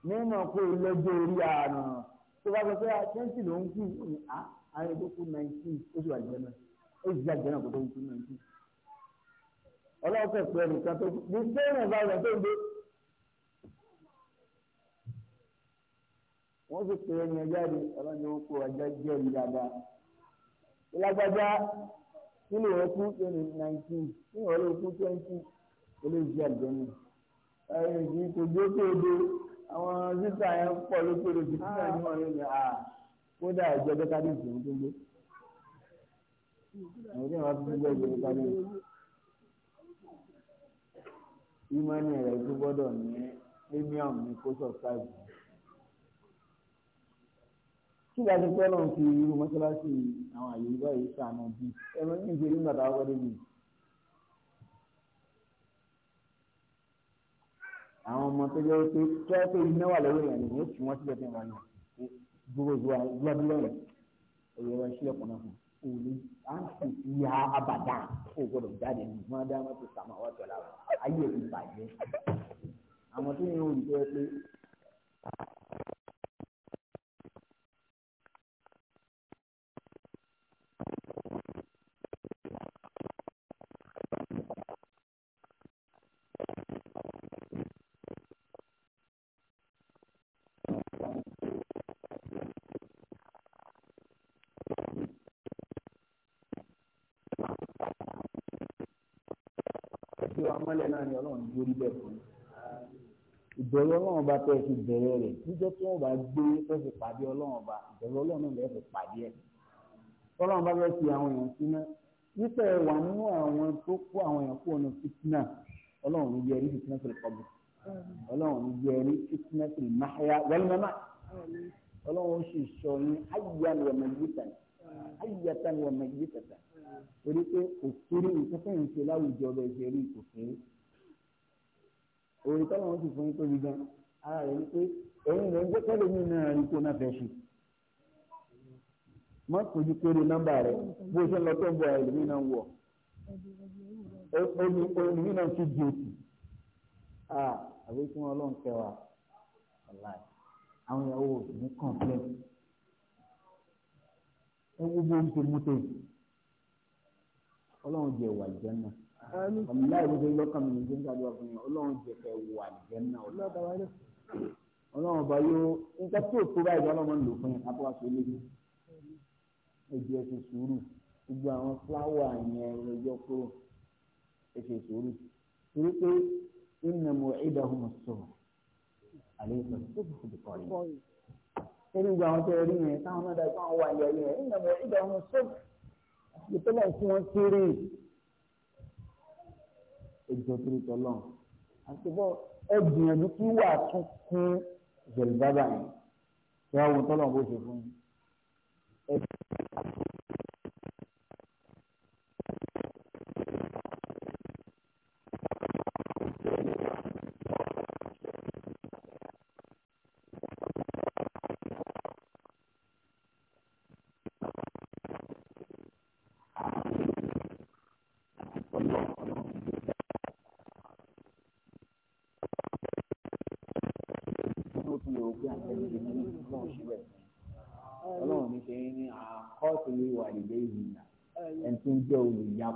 S1: ní ìmọ̀ kó lọ́jọ́ orí àná tó bá sọ pé twenty ló ń kú ah, àwọn ètò ó di àjẹ́ náà kó tó ń tún náà jù ọlọ́ọ̀kẹ́ pé ẹnìkan tó ní sẹ́yìn bá rẹ̀ tó ń gbé wọ́n sì pè ẹni ẹja rí ọlọ́ni ó kó ẹja jẹ́ ẹni dáadáa ìlágbájá nínú ìwé kú twenty nineteen nínú ìwé kú twenty olóòjì àjẹ́ náà ẹ̀yìn kì kò dé kó àwọn zita yẹn pọ̀ lókèrè jù nígbà tí wọ́n rí ni kódà ìjọba kábíyèsí ń tó gbé
S2: ẹ̀rí wa bí gbẹ́gbẹ́ nípa ní
S1: ìmọ̀ni rẹ̀ tó gbọ́dọ̀ ní premium ní kó subscribe. kí ìdájọ́ pé ọlọ́run fi irú mọ́ṣáláṣí àwọn àyè ìgbà yìí sànù bí ẹ̀rọ ní ìgbèrú bàtà wọ́n dé bì. àwọn ọmọ tó jẹ́ pé tó yẹ pé iná wà lórí ìrìn àjò yóò fi wọ́n sílẹ̀ fún ìrìn àjò dúró zuwa dúró dúró rẹ̀ ẹ̀yẹ wọn sílẹ̀ kọ́nà fún un òní à ń sì fi ya abàdá kó gbọ́dọ̀ jáde ní wọn dá wọn ti sàmà wọn tọ lára ayé ìbàjẹ́ àwọn tó yẹ olùkọ́ ẹ pé mọ́lẹ̀ náà ni ọlọ́run dúró níbẹ̀ fún ìbẹ̀rù ọlọ́run ọba tẹ́ ẹ bẹ̀rẹ̀ rẹ̀ níjọ́ tí wọ́n bá gbé fẹ́ fi pàdé ọlọ́run ọba ìbẹ̀rù ọlọ́run náà lẹ́ pàdé ẹ̀ ọlọ́run bá fẹ́ fi àwọn èèyàn síná nípa ẹ̀wà nínú àwọn tó kó àwọn èèyàn kúrò ní fitna ọlọ́run ní jẹ́ rí fitna fil qabr ọlọ́run ní jẹ́ rí fitna fil mahya wal ọlọ́run ó sì sọ yín ayé àlùyàmọ̀ ayíyàtà ni ọmọ ìdílé tata torí pé òkèrè ìtọ́fẹ́ yìí ṣe láwùjọ ọbẹ̀ ṣe rí òkèrè òrìtọ́ làwọn sì fún yín tóbi gan ara rẹ̀ ni pé ẹ̀yin lè ń gbé kẹ́lẹ́ mi náà rí kó náà fẹ́ ṣe má kojú kéré nọ́mbà rẹ̀ bó ṣe ń lọ tó ń bọ̀ ẹ̀lùmí náà ń wọ̀
S2: ẹ̀lùmí náà ti di òtù
S1: àbí kí wọ́n lọ́n kẹwàá àwọn ìyàwó òsì ní kọ̀ǹpẹ́ẹ̀tì
S2: ẹ wo bí wọ́n ṣe mú tó
S1: yìí ọlọ́run jẹ ìwà ìjẹ́ náà ọmọ láì wọ́n ṣe lọ́kàn mi nígbà tó wà fún yẹn ọlọ́run jẹ kẹ ìwà ìjẹ́ náà ọlọ́run ọba yóò nǹkan tí òkú báyìí bá lọ́mọ ń lò fún yẹn ká tó ilé ẹ jẹ́ ẹ sùúrù gbogbo àwọn fúláwà yẹn ẹ kúrò ẹ sùúrù torí pé ìnàmọ̀ ìdáhùn sọ̀rọ̀ àlẹ́ ìsọ̀rọ̀ tó fi fi kọ́ yẹn nínú gbogbo àwọn tó rí yẹn táwọn náà dàgbà wà ní ẹ̀yìn ẹ̀ nínú ọ̀rọ̀ ìgbà wọn sọ́ọ̀bù àti ìpínlẹ̀ tí wọ́n kéré ìjọ tó ń tọ́lọ̀ àti bọ́ ẹ gbìyànjú kí wà tún kún ìṣẹ̀lẹ̀ bábà yẹn ìyá ohun tọ́lọ̀ bó ṣe fún yín.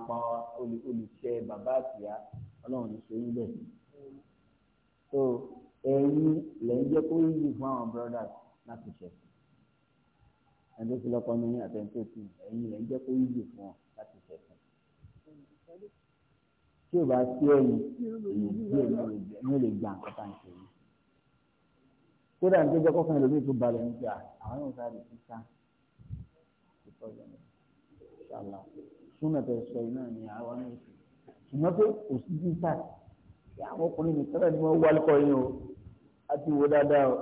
S1: pa olùṣe bàbá àtìyá ọlọ́run ní ṣe níbẹ̀. so ẹ̀yin lẹ́ ń jẹ́ kó yíyí fún àwọn brothers láti ṣe ẹni tó ti lọ́kọ́ ní àtẹ̀ǹtẹ̀tì ẹ̀yin lẹ́ ń jẹ́ kó yíyí fún wọn láti ṣe fún tí o bá sí ẹ̀yin èyí lè gbà nǹkan tá à ń ṣe yìí kódà ní gbẹgbẹ kọkàn lómi tó balẹ̀ nígbà àwọn yóò sáré sísá ìfọ̀jọ̀ ní súnà tẹ̀ sọ iná ni àwa náà ṣe ṣùgbọ́n pé kò sí dísà àwọn ọkùnrin nìkan náà ni wọ́n wá lọ́kọ̀ yín o àti wo dáadáa o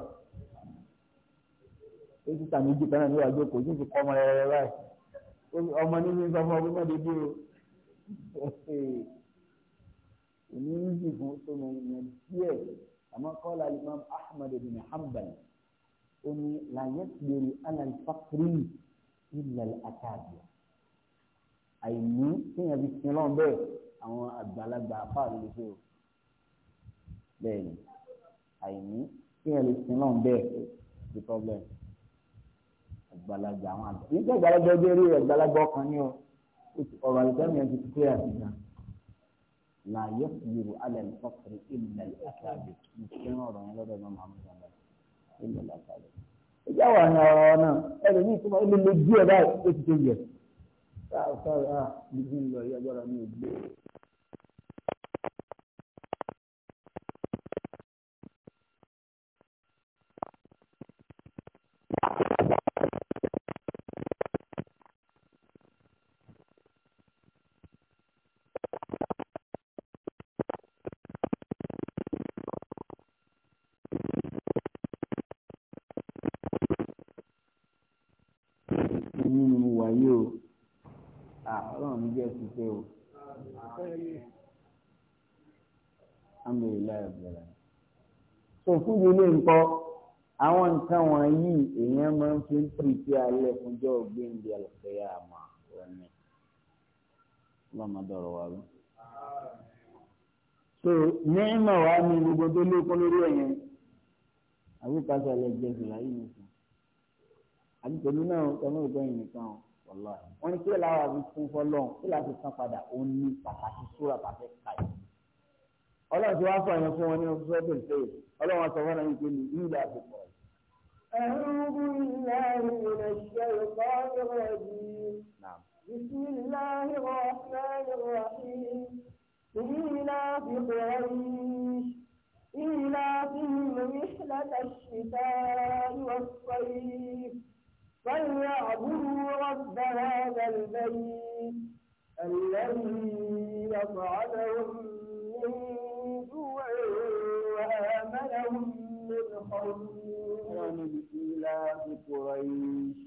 S1: èyí tàbí méjì kan náà ní kò yín ti kọ́ ọmọ rẹ rẹ báyìí ọmọ nínú ìgbà fún ọdún náà dédé o òní yíyí fún sọmọ ìyẹn díẹ̀ àmọ́ kọ́lá Imam Ahmad bin Hanbal ó ní la yasbiru ala al-faqri àìní téèyàn fi sin lọ́n bẹ́ẹ̀ àwọn àgbàlagbà afáàlú lè fi o bẹ́ẹ̀ ni àìní téèyàn lè sin lọ́n bẹ́ẹ̀ the problem àgbàlagbà àwọn àgbà yìí jẹ́ àgbàlagbà ọjọ́ eré àgbàlagbà ọkàn ni o ọ̀rọ̀ àlùfẹ́mi ẹ̀ ti ti pé àtìgbà la yasiru ala al-fakri illa al-akabi nìkan ọ̀rọ̀ yẹn lọ́dọ̀ náà ìjà wà ní ọ̀rọ̀ náà ẹ̀rọ ní ìtumọ̀ ó lè lè díẹ̀ báyìí ó ti tó sáàsáà à níbi ń lọ yí agbára mi ò gbé. tó fún mi lè nkọ àwọn nǹkan wọ̀nyí èèyàn máa ń fi ń pèsè alẹ́ fúnjọ́ gbẹ̀ǹdì àlùfẹ́yà àmọ́ ọ̀nì lọ́mọ dọ̀rọ̀ wà lọ. so nígbà wàá ní gbogbo tó lókun lórí ẹ̀yẹn àbíkásá lè jẹ fìlà yìí nìkan àbíkòlù náà ọmọ ìgbẹ́yìn nìkan o wọ́n ní kí ló láwọn àbí fún fọ́lọ́n kí láti san padà ó ní pàtàkì súrà pàtẹ́ káyọ̀. ọlọ́run ti wá sọ yẹn fún wọn nínú sọ́dún pé ọlọ́run sọ fún ẹni pé ní ìlú àfikọ́.
S2: أعوذ بالله من الشيطان الرجيم بسم الله الرحمن الرحيم لإيلاف قريش إيلافهم رحلة الشتاء والصيف فليعبدوا رب هذا
S1: البيت الذي أطعمهم
S2: آمنهم من قوم
S1: إلاف قريش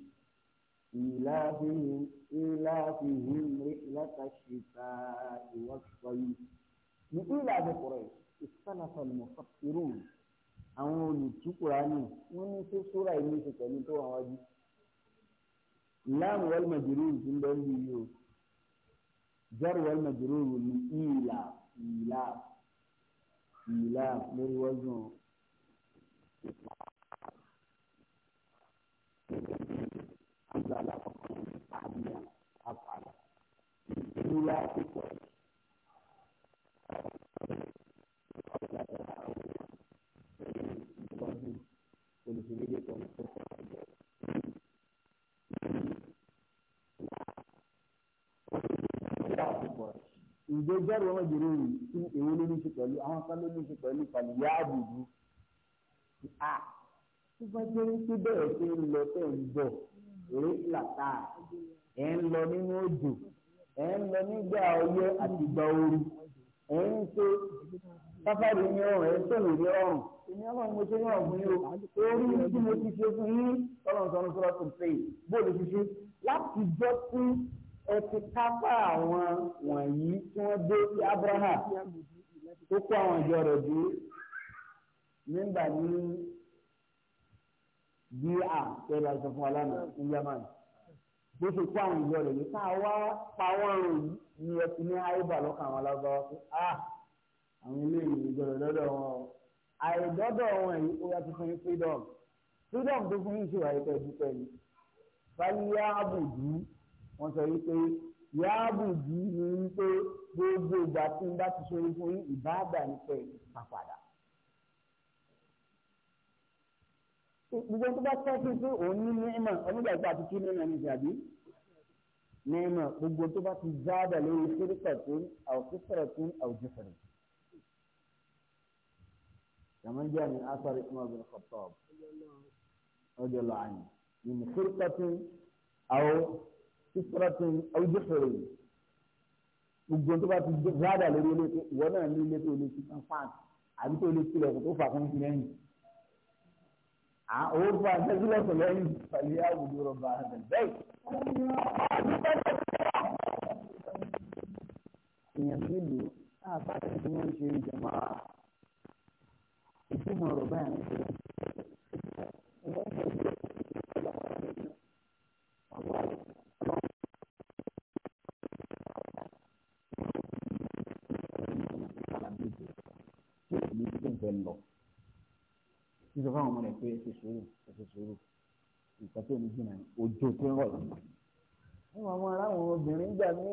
S1: إلافهم إلافهم رحلة الشتاء والصيف لإلاف قريش اختلف المفسرون àwọn olùtúkùrá ni wọn ní tó sóra yìí ní ìṣẹ̀lẹ̀ tó wà wájú láàmú wal majrur ti ń bẹ ń yí yìí o jar wal ni ìlà ìlà ìlà lórí wọ́zùn
S2: agbára kọ̀ọ̀kan àbí
S1: ìjọ jẹ́rìí ọmọ ìjòrò yìí tí èwo ló ní í ṣe pẹ̀lú àwọn kan ló ní í ṣe pẹ̀lú pàlìyà àbùdù à tó bá jẹ́ wípé bẹ́ẹ̀ ṣe ń lọ tẹ̀ ń bọ̀ èrè làtà ẹ̀ ń lọ nínú òjò ẹ̀ ń lọ nígbà ọyẹ́ àti ìgbà ooru ẹ̀ ń ṣe sáfàrì ní ọrùn ẹ̀ ń tẹ̀lé ní ọrùn
S2: èmi ọlọ́run mo ṣe ní ọ̀gbìn o orí tí mo
S1: ti ṣe fún yín ọlọ́run sọ ní tó ń pè é bóòlù ṣiṣẹ́ láti jẹ́ fún ẹ ti kápá àwọn wọ̀nyí tí wọ́n dé sí Abraham tó kó àwọn ìjọ rẹ̀ dé nígbà ní bíà tẹ́lẹ̀ àìsàn fún aláàmì ní Yemen bó ṣe kó àwọn ìjọ rẹ̀ yìí ká wá pa wọ́n rìn ní ẹtì ní àìbà lọ́kàn àwọn alágbára pé ah, àwọn eléyìí ìjọ rẹ̀ lọ́dọ̀ wọn o àìdọ́dọ̀ wọn èyí ó yá tuntun ní freedom freedom tó fún yín ṣe wà yìí pẹ̀lú pẹ̀lú báyìí yá àbùdú wọ́n sọ wípé yáàbù jù ní wípé gbogbo ìgbà tí n bá ti ṣorí fún yín ìbáàdà ní pẹ́ ìpapàdà. gbogbo tó bá sọ fún pé òun ní mímọ onígbà ìgbà tí kí mímọ ní ìjàdí mímọ gbogbo tó bá ti jáàbà lórí síríkà tó ń àwòkúfẹrẹ tó ń àwòjúfẹrẹ. كما جاء من اثر عمر بن الخطاب رضي الله عنه من خلقه sísúrọ́tì ọjọ́fẹ̀rẹ̀ gbogbo tó bá ti gbádà lórí ilé pé ìwọ náà ní ilé tó lè fi kan fáàn àbí tó lè tilẹ̀ kó tó fà fún ti lẹ́yìn. à owó fún àtẹ́sílẹ̀kùn lẹ́yìn pẹ̀lú àwùjọ
S2: rọ̀bà àbẹ̀ bẹ́ẹ̀. èèyàn mélòó náà bá ti fi wọ́n ṣe ìjàmbá ìtumọ̀ rọ̀bà yẹn ṣe lọ́wọ́.
S1: pé ẹ ti sùúrù ẹ ti sùúrù nǹkan tó ní jìnnà ojú tó ń rọ̀ lọ́wọ́. wọ́n máa ń ráwọn obìnrin gbà ní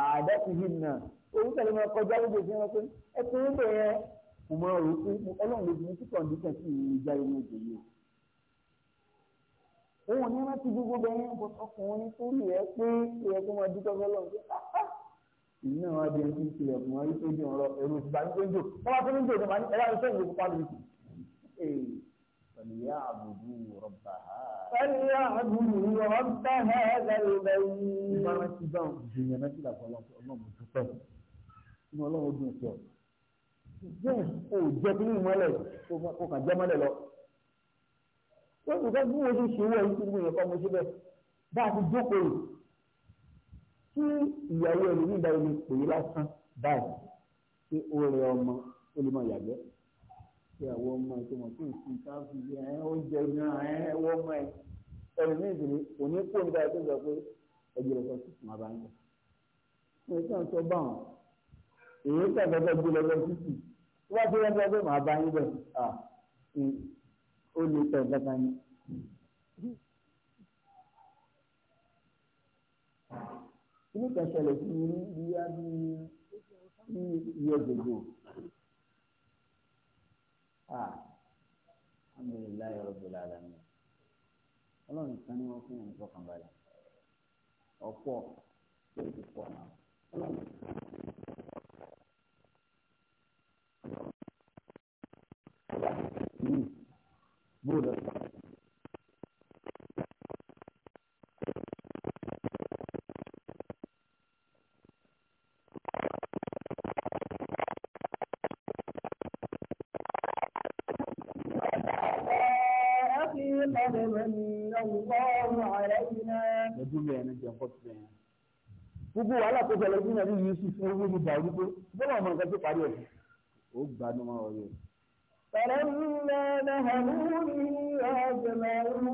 S1: àádọ́tì jìnnà òun tẹ̀lé máa kọjá lóde sí wọn pé ẹ ti ń bẹ̀rẹ̀ mo máa rò pé ọlọ́run ló ti ní kíkọ̀ nígbà tí ìrìn ìjà inú ìjọ yìí o. òun ní wọ́n ti gbogbo bẹ́ẹ̀ ń bọ̀ ọkùnrin tó rí ẹ pé ìyẹ kó máa dúpẹ́ fọlọ́run ìnáwó adìyẹ ti ń tilẹ̀kùn wọn yí pé bí ọ̀rọ̀ ẹ̀rù ìgbà ń gbé jò wọ́n bá tó ń jò ní ẹ̀rọ iṣẹ́ ìlú lóṣù. فليعبدوا رب هذا فليعبدوا رب هذا البيت bára ti bá wọn jìyàn náà kí làkọ́ ọlọ́run ọlọ́run dúpẹ́ inú ọlọ́run dùn sí ọ bẹ́ẹ̀ o jẹ́ kí ní ìmọ̀lẹ̀ o kàn jẹ́ mọ́lẹ̀ lọ wọ́n ti fẹ́ bí wọ́n ti ṣe wọ́n yìí kí nǹkan mo ṣe bẹ́ẹ̀ bá a ti jókòó tí ìyàwó ẹni nígbà yìí pè lásán báyìí pé ó rẹ ọmọ ó lè ṣe àwọn ọmọ ẹ̀ tó mọ̀ sí ìsìn káfí ẹ̀ oúnjẹ náà ẹ̀ ẹ̀wọ́ ọmọ ẹ̀ ẹ̀rù ní ìdílé òní kó nígbà tó sọ pé ẹ̀jẹ̀ rẹ̀ sọ sí ìsìn àbá ń lọ. mo ti sàn sọ báwọn èyí sàgbẹ́gbẹ́ gbé lọ́gbẹ́ títì tó bá tó yẹn sọ pé bá yín bẹ̀ à ó lè tẹ̀ gbàgbà yín. kí ni kàn ṣẹlẹ̀ sí mi ní ìyá mi ní ìyẹ́ gbogbo? Ah, alhamdulilayi rabbil alamin ọlọ́run kan ní wọ́n fún yẹn nípa kan balẹ̀ ọ̀pọ̀ tó ti pọ̀ náà ọlọ́run.
S2: Hmm. bóòlù لقد من الله علينا
S1: نجوم يا نجوم قطبين gbogbo wàhálà tó ṣẹlẹ̀ sí nàbí yusuf owó ní dàrú pé bọ́lá ọmọ nǹkan tó parí ẹ̀sìn ó gbanú mọ́ ọ̀rẹ́ rẹ̀.
S2: فلما نهلوني
S1: أجمعوا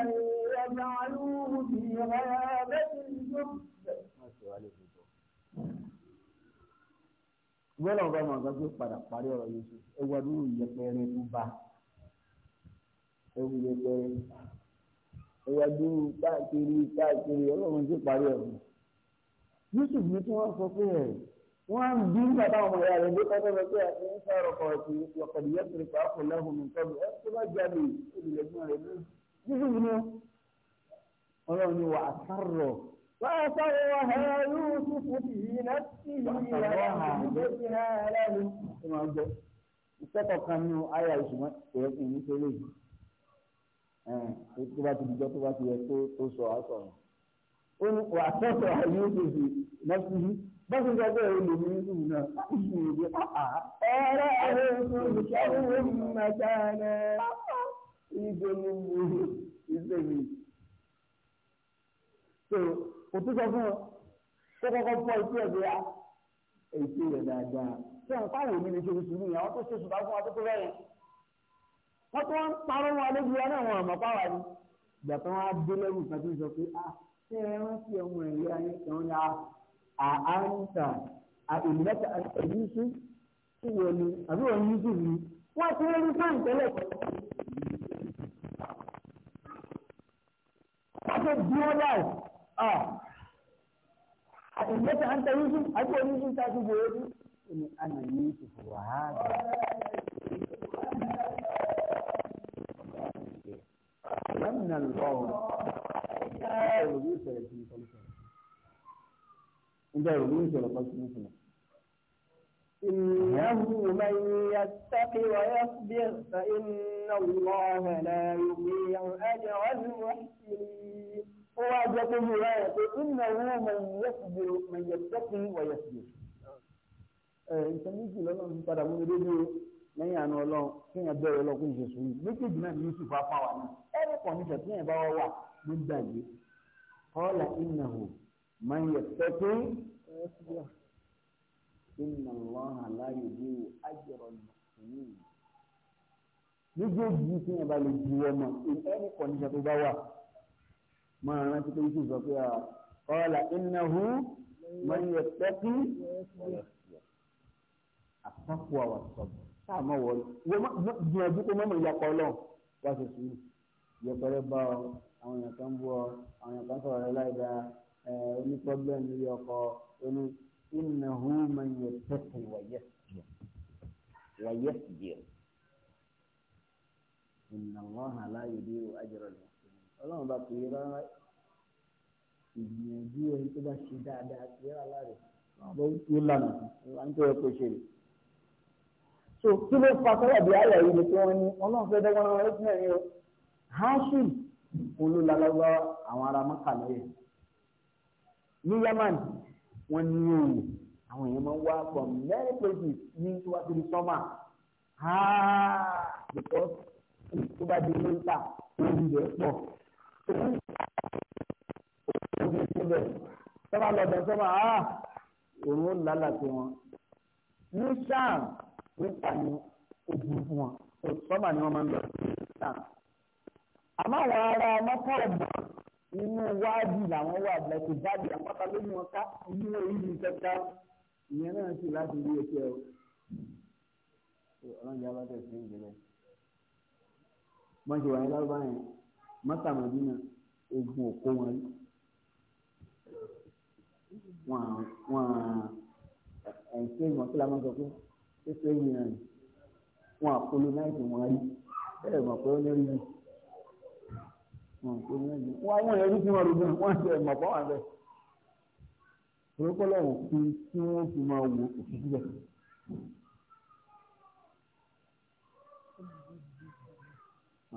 S1: أن يجعلوه في غيابة الجب bọ́lá ọba ọmọ nǹkan tó padà parí ọ̀rọ̀ yusuf ẹwà dúró ìyẹpẹrẹ tó bá a ẹwù yẹpẹrẹ ẹwà dúró káàkiri káàkiri ọlọ́run ti parí ẹ̀fọ́ yusuf ní tí wọ́n sọ pé ẹ̀ wọ́n á bí bàbá ọmọ ìyá rẹ̀ bí kọ́kọ́ lọ pé àti ń sọ̀rọ̀ kọ̀ ọ̀tún ọ̀kadì yẹn kiri pàápàá lẹ́hùn mi tọ́bi ẹ tó bá jáde olùlẹ́gbọ́n rẹ̀ ní yusuf ní ọlọ́run ni wà á sárọ̀ فأسرها يوسف في نفسه وأعجبنا له. Ìṣẹ́kọ̀ọ́ kan nínú ayé àìsùn ẹ̀yẹ́kùn ní Sẹ́lẹ̀ yìí tó bá ti dijọ́ tó bá ti yẹ tó sọ àṣọ rẹ̀. ó ní wà á tọ́sọ̀ àyè òṣèṣì lọ́sí yìí bọ́sùn tó bẹ́ẹ̀ lè ní ìlú náà láti fi èdè ọ̀rọ̀ ẹ̀rọ olùkọ́rùn-ún mẹ́ta rẹ̀ ìdèlú ìsèlú. tó o tún sọ fún ọ tó kọ́kọ́ fọ́ ikú ẹ̀ bí èyí tó yẹ dáadáa. sọ̀rọ̀ fáwọn èmi ni ṣe oṣù mi àwọn tó ṣe oṣù bá fún wa tó tó bẹ́ẹ̀ wọ́n tún wọ́n ń parọ́ wọn lójú ẹ náà wọn àmọ́ páwa ni ìgbà tó wọn á dé lẹ́rù kan tó ń sọ pé a ah, ṣé ẹ rántí ọmọ ẹ̀rí ayé kan ní àáńtà àìlẹ́tà àìsí sí wọn ni àbí wọn ní sí mi
S2: wọ́n ti rí fáìn tẹ́lẹ̀ kan.
S1: wọ́n ti bí wọ́n ah, dà àìlẹ́tà àìsí sí àbí wọn ní sí sáà tó gbòòrò sí. ẹni
S2: àná ní ìfòwò ààbò. من القوم ǹjẹ́ ìròyìn ìṣẹ̀lẹ̀ kan
S1: sí nísìnyí. إنه من يتق ويصبر فإن الله لا يضيع أجر المحسنين هو أجر رواية إنه من يصبر من يتقي ويصبر nǹkan méjì lọ́lọ́run ti padà mú mi lójú lẹ́yìn àná ọlọ́run kéèyàn bẹ̀rẹ̀ ọlọ́run kó ń ṣe sùúrù méjèèjì náà ni Yusuf apá wa náà kọ̀ǹdíṣọ̀ tí yẹn bá wà wà ló gbàgbé kọ́lá ìnáwó máa ń yẹ pẹ́pẹ́ inna allaha la yudiyu ajra al-muhsinin méjèèjì tí yẹn bá lè ju ọmọ in any condition tó bá wà máa rántí pé yíṣu sọ pé ah, qala innahu
S2: man yattaqi
S1: àpapọ̀ àwọn sọ̀bù táà mọ̀ wọlé gbìyànjú kó mọ̀mọ̀ ìyàpọ̀ ọlọ́run wá ṣe sùúrù yẹpẹrẹ bá ọ àwọn èèyàn kan bú ọ àwọn èèyàn kan sọ̀rọ̀ rẹ láì dáa ẹ oní pọ́blẹ́mù nílé ọkọ oní innahu man yattaqi wa yasbir wa yasbir inna Allaha la yudi'u ajra al-muhsinin ọlọ́run bá pè é rárá ìgbìyànjú ẹni tó bá ṣe dáadáa pè é rárá rẹ̀ ọ̀bọ̀ yóò lànà láti tó yẹ kó ṣe rè so kí ló fa sọ́wọ́dì ayọ̀ yìí ni pé wọ́n ní ọlọ́run fẹ́ dẹ́gbọ́n ọlọ́run ẹ̀ hashim olólalágbá àwọn ará mọ́kà lọ́yẹ̀ ní yaman wọ́n ní òwò àwọn èèyàn máa ń wá from many places ní tí wọ́n ti di sọ́mà ah, because tó bá di lóńtà wọ́n di rẹ̀ pọ̀ sọ́mà lọ́dọ̀ ah, sọ́mà òun ó lálàtí wọn ní sáà nípa ni ó burú fún wọn sọ́mà ni wọ́n máa ń lọ sí sáà àmọ́ àwọn ará mọ́tò ọ̀gbọ́n inú wáàdì làwọn wà lẹ́kọ̀ọ́ jáde àpáta lórí wọn ká inú èyí ni kẹta ìyẹn náà sì láti rí ẹsẹ̀ o. ọlọ́run yàrá tẹ̀ sí ìjẹ́lẹ̀. mọ́ṣẹ́ wàá lọ́wọ́ báyẹn mọ́tàmọ́dínà ogun òkú wọn rí.
S2: wọ́n wọ́n ẹ̀ ń ṣe ìmọ̀ kí la
S1: máa sọ pé ṣé ṣé ìyẹn wọ́n àpolonláìsí wọn rí bẹ́ẹ̀ mọ̀ pé ó ní rí yìí wọ́n ẹrú tí wọ́n rògbòn wọ́n ṣe ẹ̀mọ̀ pọ̀ wà bẹ́ẹ̀. Òrùkọ́lọ̀ òfin tí wọ́n fi máa wo òfin síbẹ̀.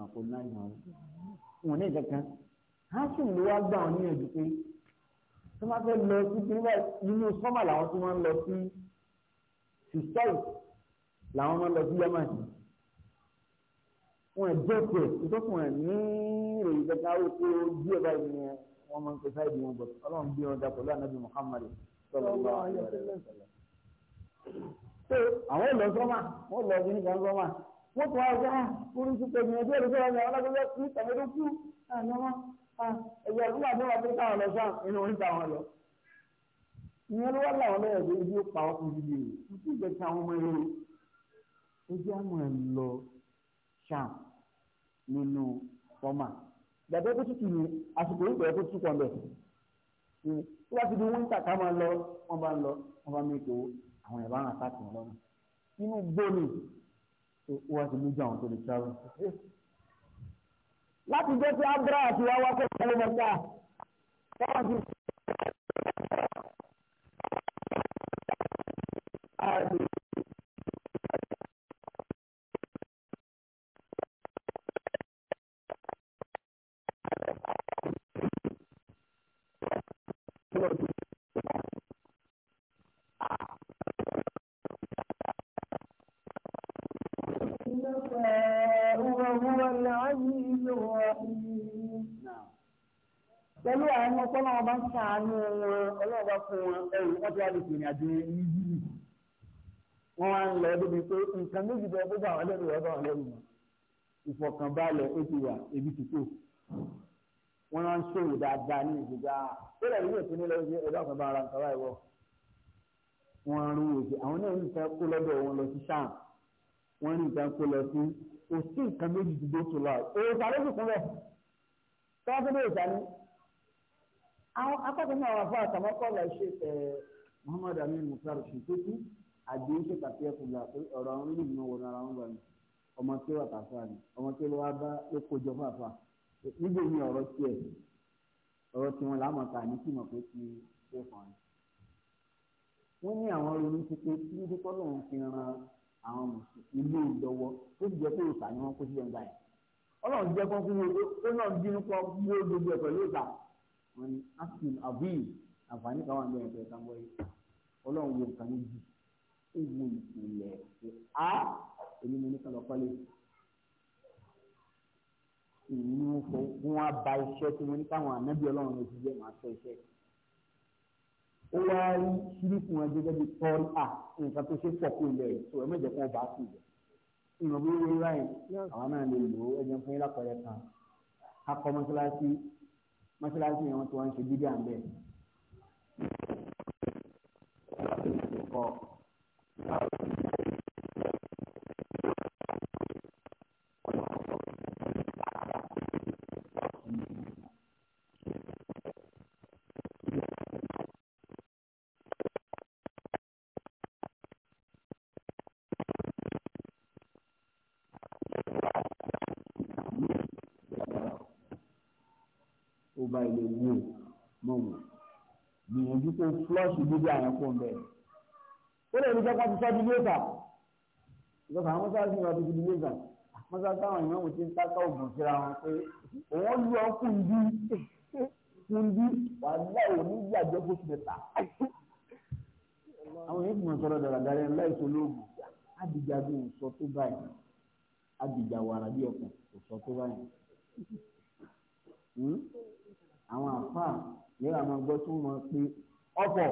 S1: Àpò náà yàn án. Wọ́n ní ìkankan. Hásùn ló wá gbà wọ́n ní ẹ̀dùn pé tí wọ́n fẹ́ lọ sí pé nínú sọ́mà làwọn tí wọ́n lọ sí Sùsọ́ì làwọn máa lọ sí Yámàtì wọn ẹgbẹ́ pẹ̀ ìtọ́kùn ẹ̀ ní ìròyìn kankan awo pé ó bí ẹ̀ báyìí ni wọ́n máa ń pè sáà ìdíwọ̀n bọ̀ ọlọ́run bí wọn da pẹ̀lú ànábì Muhammad sallallahu alaihi wasallam. àwọn ò lọ sọ́mà wọ́n lọ sí nìkan sọ́mà wọ́n tún wáá sáà ah, orí sí pẹ̀lú ẹjọ́ ìrẹsẹ̀ wọn ni àwọn ah, alágbèbẹ́ kú tàbí kú àyànwá ẹ̀yà ìlú àti wọn fún káwọn lọ sáà inú orí táwọn lọ. ìyẹn ló wá láwọn lẹ́yìn ibi ó pa ọkùnrin yìí ìtújẹ́ ti àwọn ọmọ yìí ó jẹ́ àmọ́ ẹ̀ lọ sáà nínú fọ́mà gbàgbé kó tútù ní àsìkò ìgbà tó tútù kan bẹ̀ tó bá ti di wíńtà ká máa lọ wọ́n bá ń lọ wọ́n bá ń mẹ́tò àwọn ẹ̀ bá ń àtàkì wọn lọ́nà inú gbóni tó wọ́n ti lójú àwọn tó lè travel.
S2: láti jẹ́ pé abdul rahman ti kó ìpàlẹ́ mọ́ta wọ́n ti ọlọ́run bá ń
S1: sàánú wọn ọlọ́run bá fún wọn ẹrù wọ́n ti wá lè pè ní àjò yìí yìí wọ́n wá ń lọ débi pé nǹkan méjì bẹ́ẹ̀ bó bá wọn lẹ́nu rẹ̀ bá wọn lẹ́nu mọ́ ìfọ̀kànbalẹ̀ ó ti wà ebi ti tó wọ́n máa ń ṣòwò dáadáa ní ìgbéga bẹ́ẹ̀ ni yóò tún ní lọ́wọ́ sí ẹ̀dá ọ̀kan bá ara nǹkan báyìí wọ̀ wọ́n rí òkè àwọn náà ní nǹkan kó lọ́dọ̀ wọn lọ sí sáà wọ́n ní nǹkan kó lọ sí kò sí nǹkan méjì dúdú tó lọ òòsà ló àwọn akẹ́kọ̀ọ́ náà wà fún àtàmọ́kọ́ là ṣe ẹ̀ Amin Mukhtar Shinkutu àgbẹ̀ iṣẹ́ kàfíà fúnla ọ̀rọ̀ àwọn ọmọ tí ó wà káfá ni ọmọ tí ó wá bá ó kojọ fàfà níbo ni ọ̀rọ̀ tiẹ̀ ọ̀rọ̀ ní pé ti ṣe fún wọ́n ní àwọn ronú ti pé kí ní lóun fi ran àwọn ilé ìdọ́wọ́ tó ti jẹ́ pé ni wọ́n kó wọn ó náà wọn ni asin abin àǹfààní kan wà lóyún ẹgbẹ́ sáńbọ́ yìí ọlọ́run wo nǹkan méjì ó wo ìpìlẹ̀ ṣe á èmi mo ní kí n lọ kọ́lé ìlú fún wa ba iṣẹ́ tí mo ní káwọn ànábì ọlọ́run ló ti jẹ́ màá sọ iṣẹ́ ó wá rí síríkù wọn gẹ́gẹ́ bí tọ́rí à nǹkan tó ṣe pọ̀ kó ilẹ̀ tó ẹ̀ mẹ́jẹ̀ fún ọba àti ìjọ ìrànlọ́wọ́ wíwáyé àwọn náà lè lò ó ẹ̀jẹ̀ fún yín lápẹ̀rẹ̀ kan akọ́mọ́sálásí mọ́ṣáláṣí yẹn wọ́n ti wọ́n ṣe bídíà ń Thank you. flush gbogbo àwọn fóun bẹ́ẹ̀.
S2: ó lè ní jẹ́ká ti sọ́dún
S1: léèkà ìjọba àwọn mọ́sáàsì ìwà tó ti di léèkà mọ́sáàsì àwọn ìmọ̀ ti ń tákà ògùn síra wọn pé òun lu ọkùn bí kùn bí wà láì ní ìyá àjọpọ̀ mẹ́ta. àwọn yìí kùmọ̀ sọ̀rọ̀ dàgbàdàrẹ́ láì tó lóògùn àdìjà bí òsọ tó báyìí àdìjà wàrà bí ọkùn òsọ tó báyìí hmm? àwọn àfáà yẹ́n àwọn gbọ́ tó wọn pé ọ̀pọ̀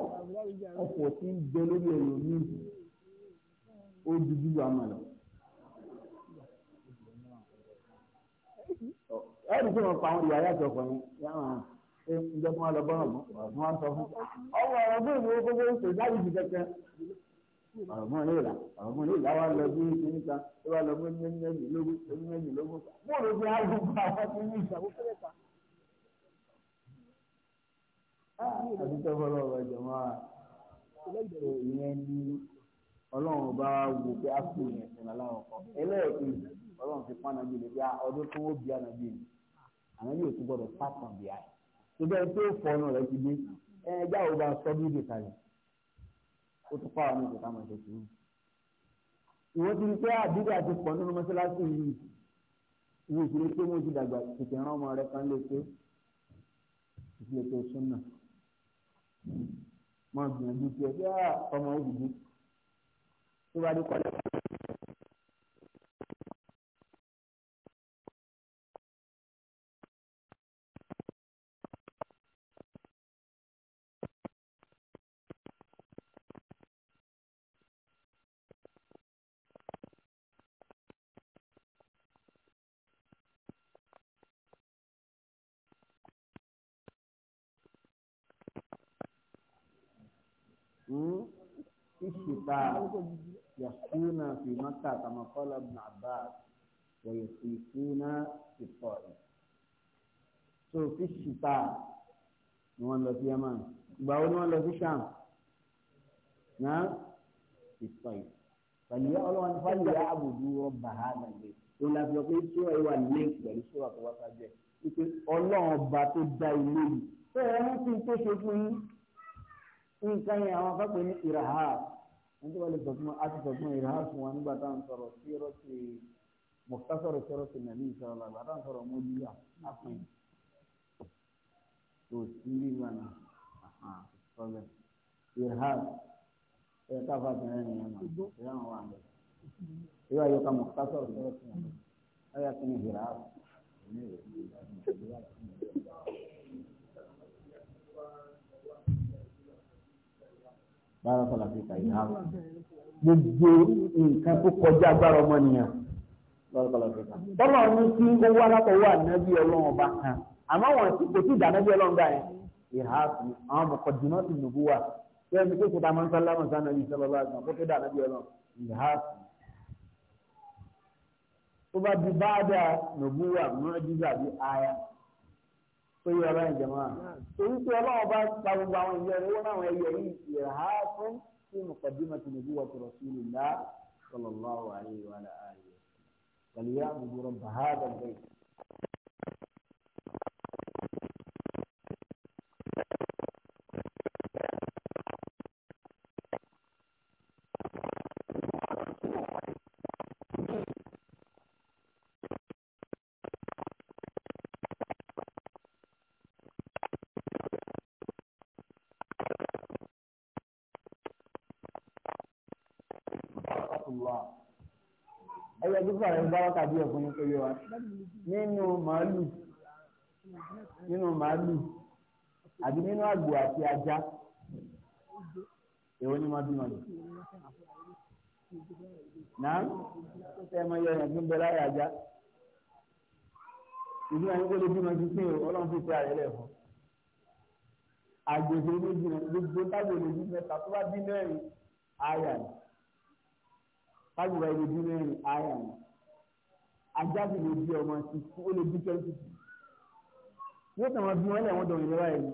S1: ọ̀pọ̀ tí ń bẹ lórí ẹ̀rọ ní ó dúdú àmà lọ.
S2: ẹ̀rù tí wọ́n pa àwọn ìyá yàtọ̀ ọkọ̀
S1: yẹn ǹjẹ́ kí wọ́n lọ bọ́rọ̀ mọ́ wọ́n sọ fún ọwọ́ ọ̀rọ̀ bí ìwé gbogbo ń pè láyé ibi kẹ̀kẹ́
S2: ọ̀rọ̀ mọ́ ní ìlà ọ̀rọ̀ mọ́ ní ìlà
S1: wa lọ bí ìṣe níta tó lọ bí ẹni ẹni lógún ẹni ẹni lógún bóòlù bí a gbogbo àwọn tó ní ìṣàkóso àti tọ́fọ́lọ́ ọba a ìyẹn ni ọlọ́run bá wò pé ápù yẹn sọ̀rọ̀ láwọn kan ẹlẹ́ẹ̀kejì ọlọ́run fi pọ́n ànábì lẹ́bí ọdún tó wọ́n bí ànábì ni ànábì ò tún gbọ́dọ̀ pàtàn bí i ṣùgbọ́n ẹni tó fọnù rẹ ti dé ẹ ẹjá ò bá sọ bí ìdè kalẹ̀ ó tún pàwọn ní ìkẹta máa ṣe sùúrù ìwọ́n ti rí pé àdúgbò àti pọ̀ nínú mọ́ṣáláṣí yìí ìwé ìṣẹ̀lẹ̀ pé mo ti dàgbà tètè rán ọmọ rẹ kan lé pé ìṣẹ̀lẹ̀ tó sún náà mọ gbìyànjú tiẹ̀ bí ọmọ òdìdí
S2: tó bá dé kọ́lé. الكفار
S1: يخفون في مكة كما قال ابن عباس ويصيفون في الطائف so في الشتاء ni wọ́n lọ sí Yaman ìgbà wo ni wọ́n lọ sí Sham na ìtọ́yì pẹ̀lú ọlọ́wọ́n fáyì yá àbùdú ọba ha nàgbẹ́ tó ń lafi ọkọ ìṣúra ìwà nílé pẹ̀lú ìṣúra tó wá sájẹ́ wípé ọlọ́run ọba tó dá ẹni tí wọ́n lè tọ̀tún àti tọ̀tún ìhà fún wọn nígbà tá à ń sọ̀rọ̀ sírọ̀ sí mọ̀tásọ̀rọ̀ sírọ̀ sí nàbí ìṣọ̀rọ̀ làgbà tá à ń sọ̀rọ̀ mọ́júlá àfin tó sí nígbà náà sọ̀rọ̀ ìhà ẹ̀ káfà tẹ̀lé nìyẹn mà ìyá wọn wà ní. ìwà yóò ka mọ̀tásọ̀rọ̀ sírọ̀ sí nàbí ayà kí ni ìhà bára sọ̀rọ̀ àti ìkà ìhà gbogbo nǹkan tó kọjá agbára ọmọnìyàn
S2: tọ́lọ̀ ní kí owó
S1: alákọ̀wé ànábì ọlọ́run ọba kan àmọ́ wọn ti kò tí ìdánábì ọlọ́run gbà yẹn ìhà sí àwọn ọmọkọ̀ dìmọ́ sí nùbú wa tí ẹni tó kúta máa ń sálá mọ̀ sánà yìí sọlọ́lá àgbọ̀n kó tó dánábì ọlọ́run ìhà sí. tó bá di báadà nùbú wa mọ́ jíjà sórí ọlọ́run ìjọba torí pé ọlọ́run bá pa gbogbo àwọn ìyá rẹ̀ wọ́n àwọn ẹyẹ yìí ìhà fún sí mùkàdímà tó lè búwa tọrọ sí ilé ńlá sọlọ́lá wàhálà wàhálà ààyè wàlúùyá àbúrò bàhádà bẹ́ẹ̀. sọ̀rọ̀ ìgbà wákà bí ẹ̀kún tó yé wa nínú màálù nínú màálù àbí nínú àgbò àti ajá èwo ni wọ́n bímọ lò. náà ṣe é mọ iye ẹ̀yàn tó ń bẹ láyé ajá ìlú ẹni kó lè bímọ ju pé ọlọ́run fi ṣe àyẹ̀lẹ̀ fún àgbègbè méjì gbogbo tágbè lè bí mẹ́ta tó bá bí mẹ́rin àyà ni tágbè lè bí mẹ́rin àyà ajáde lè bí ọmọ sí ó lè bí twenty two yóò tàn wọn bí wọn lẹ wọn dọ̀rọ̀ ìlera yìí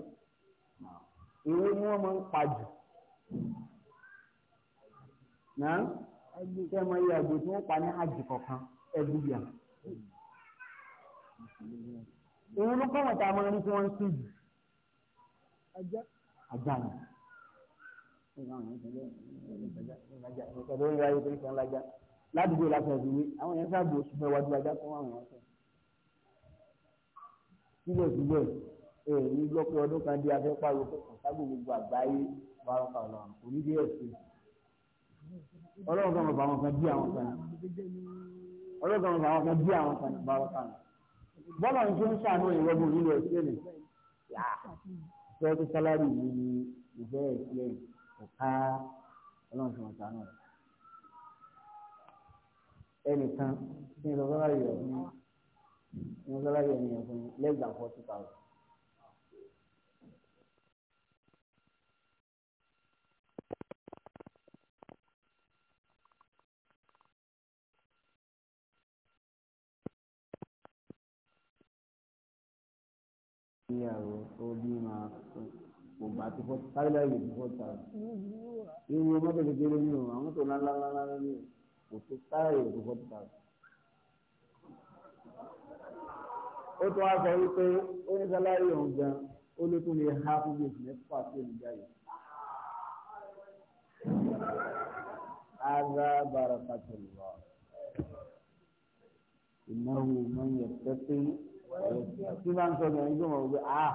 S1: èwo ni wọn máa ń pa jù náà kẹ́ mọ iye àgbò tí wọ́n pa ní àjì kọ̀ọ̀kan ẹ̀dúgbìà èwo ló kọ́ wọn tá a máa rí tí wọ́n ń sùn jù ajá ni ìgbà wọn ń sọ lórí ayé tó ń sọ ńlá ajá ládùúgbò lásán ìdílé àwọn yẹn sábà oṣù fẹ́ wájú ajá fún àwọn yẹn sọ. síbẹ̀síbẹ̀ ẹ ní gbọ́pẹ́ ọdún kan dé afẹ́ pariwo kọ̀ọ̀kan sábò gbogbo àgbáyé wàrọ̀kà ọ̀làrùn kò ní dé ẹ̀sìn. ọlọ́run kan bàbá àwọn kan bí àwọn kan ọlọ́run kan bàbá àwọn kan bí àwọn kan wàrọ̀kà ọ̀làrùn. bọ́lá ń ṣe ń ṣàánú ìrọ́bùn nílò ẹ̀sìn ni fẹ́ẹ́ tó sálárì mi ni ìfẹ́ ẹ̀sìn ọ̀ká ọlọ́run ṣe wọn ṣàánú rẹ̀ ẹnìkan ní ìlú sálárì rẹ̀ ní ìlú sálárì rẹ̀ ní ẹ̀fọn less than forty thousand.
S2: ìyàwó obi máa gbogbo
S1: àti fọ́tà sálárì rẹ̀ ní fọ́tà. irú mọ́tò kékeré ni o àwọn tó ńlá ńlá ńlá ní o kò tó táyà òkú forty thousand. ó tún wá sọ wípé ó ní sálárì òun gan ó ló tún lè há fún bí mẹ́fà sí olùjáde. هذا بركة الله إنه من يتقي tí bá ń sọ ọ̀gbìn ẹ̀yìn tó mọ̀ wípé ah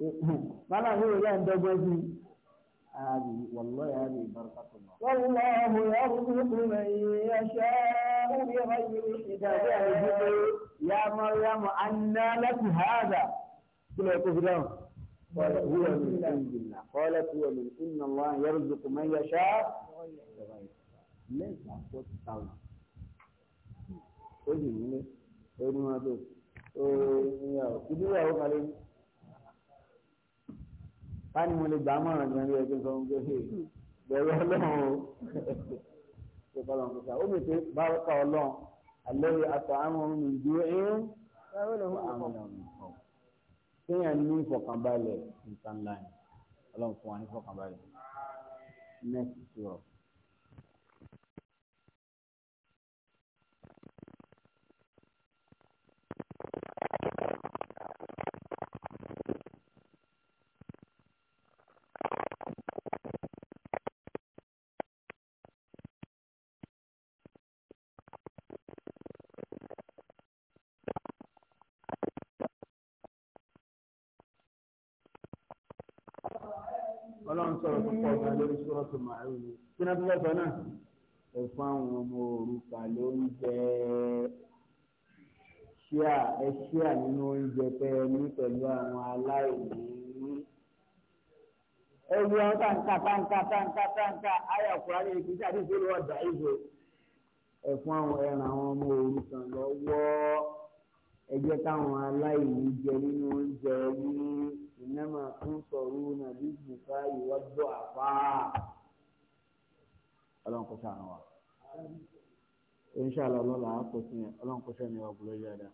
S1: (laughs) mọ́nà ní ìlú ẹ̀ dọ́gbọ́n sí i. هذه والله هذه بركة الله
S2: والله
S1: يرزق من يشاء بغير حساب يا مريم أنى لك هذا كما يقول لهم قال هو من عند الله قالت هو من إن الله يرزق من يشاء بغير ليس أقوى التعلم قل لي قل ما دوك قل ká ní mo lè gbà á mọ̀ràn gan ní ẹgbẹ́ sọ pé bẹ̀rù ọlọ́run o ṣe kọ́ lọ́n kọ́sà ó lè pé bárọ́kà ọlọ́run alẹ́ àtọ̀ àwọn ohun ìdú ẹ̀yìn kéèyàn ní ìfọ̀kànbalẹ̀ nǹkan láàyè ọlọ́run fún wa ní ìfọ̀kànbalẹ̀ next sure. sọ̀rọ̀ tó pọ̀ gan lórí sọ́ọ̀tù màálùú ni kí náà tó fẹ́ sọ náà ẹ fún àwọn ọmọ òrùka lóúnjẹ ṣíà ẹ ṣíà nínú oúnjẹ tẹ ẹ ní pẹ̀lú àwọn aláìní ẹ wú ọ táǹkà táǹkà táǹkà táǹkà ayé ọkùnrin ní ìpínlẹ̀ àti ìṣòro ọ̀dà ìṣe ẹ fún àwọn ẹran àwọn ọmọ òrukàn lọ́wọ́ ẹ jẹ́ káwọn aláìní jẹ nínú oúnjẹ yìí ìnáma tún sọ̀rọ̀ nàbí nìfà ìwọ́dọ̀ àfà. ọlọ́run kò sàràn wa inṣàlá ọlọ́la á kò sìn ọlọ́run kò sẹ́ni wa bùrọ̀ yára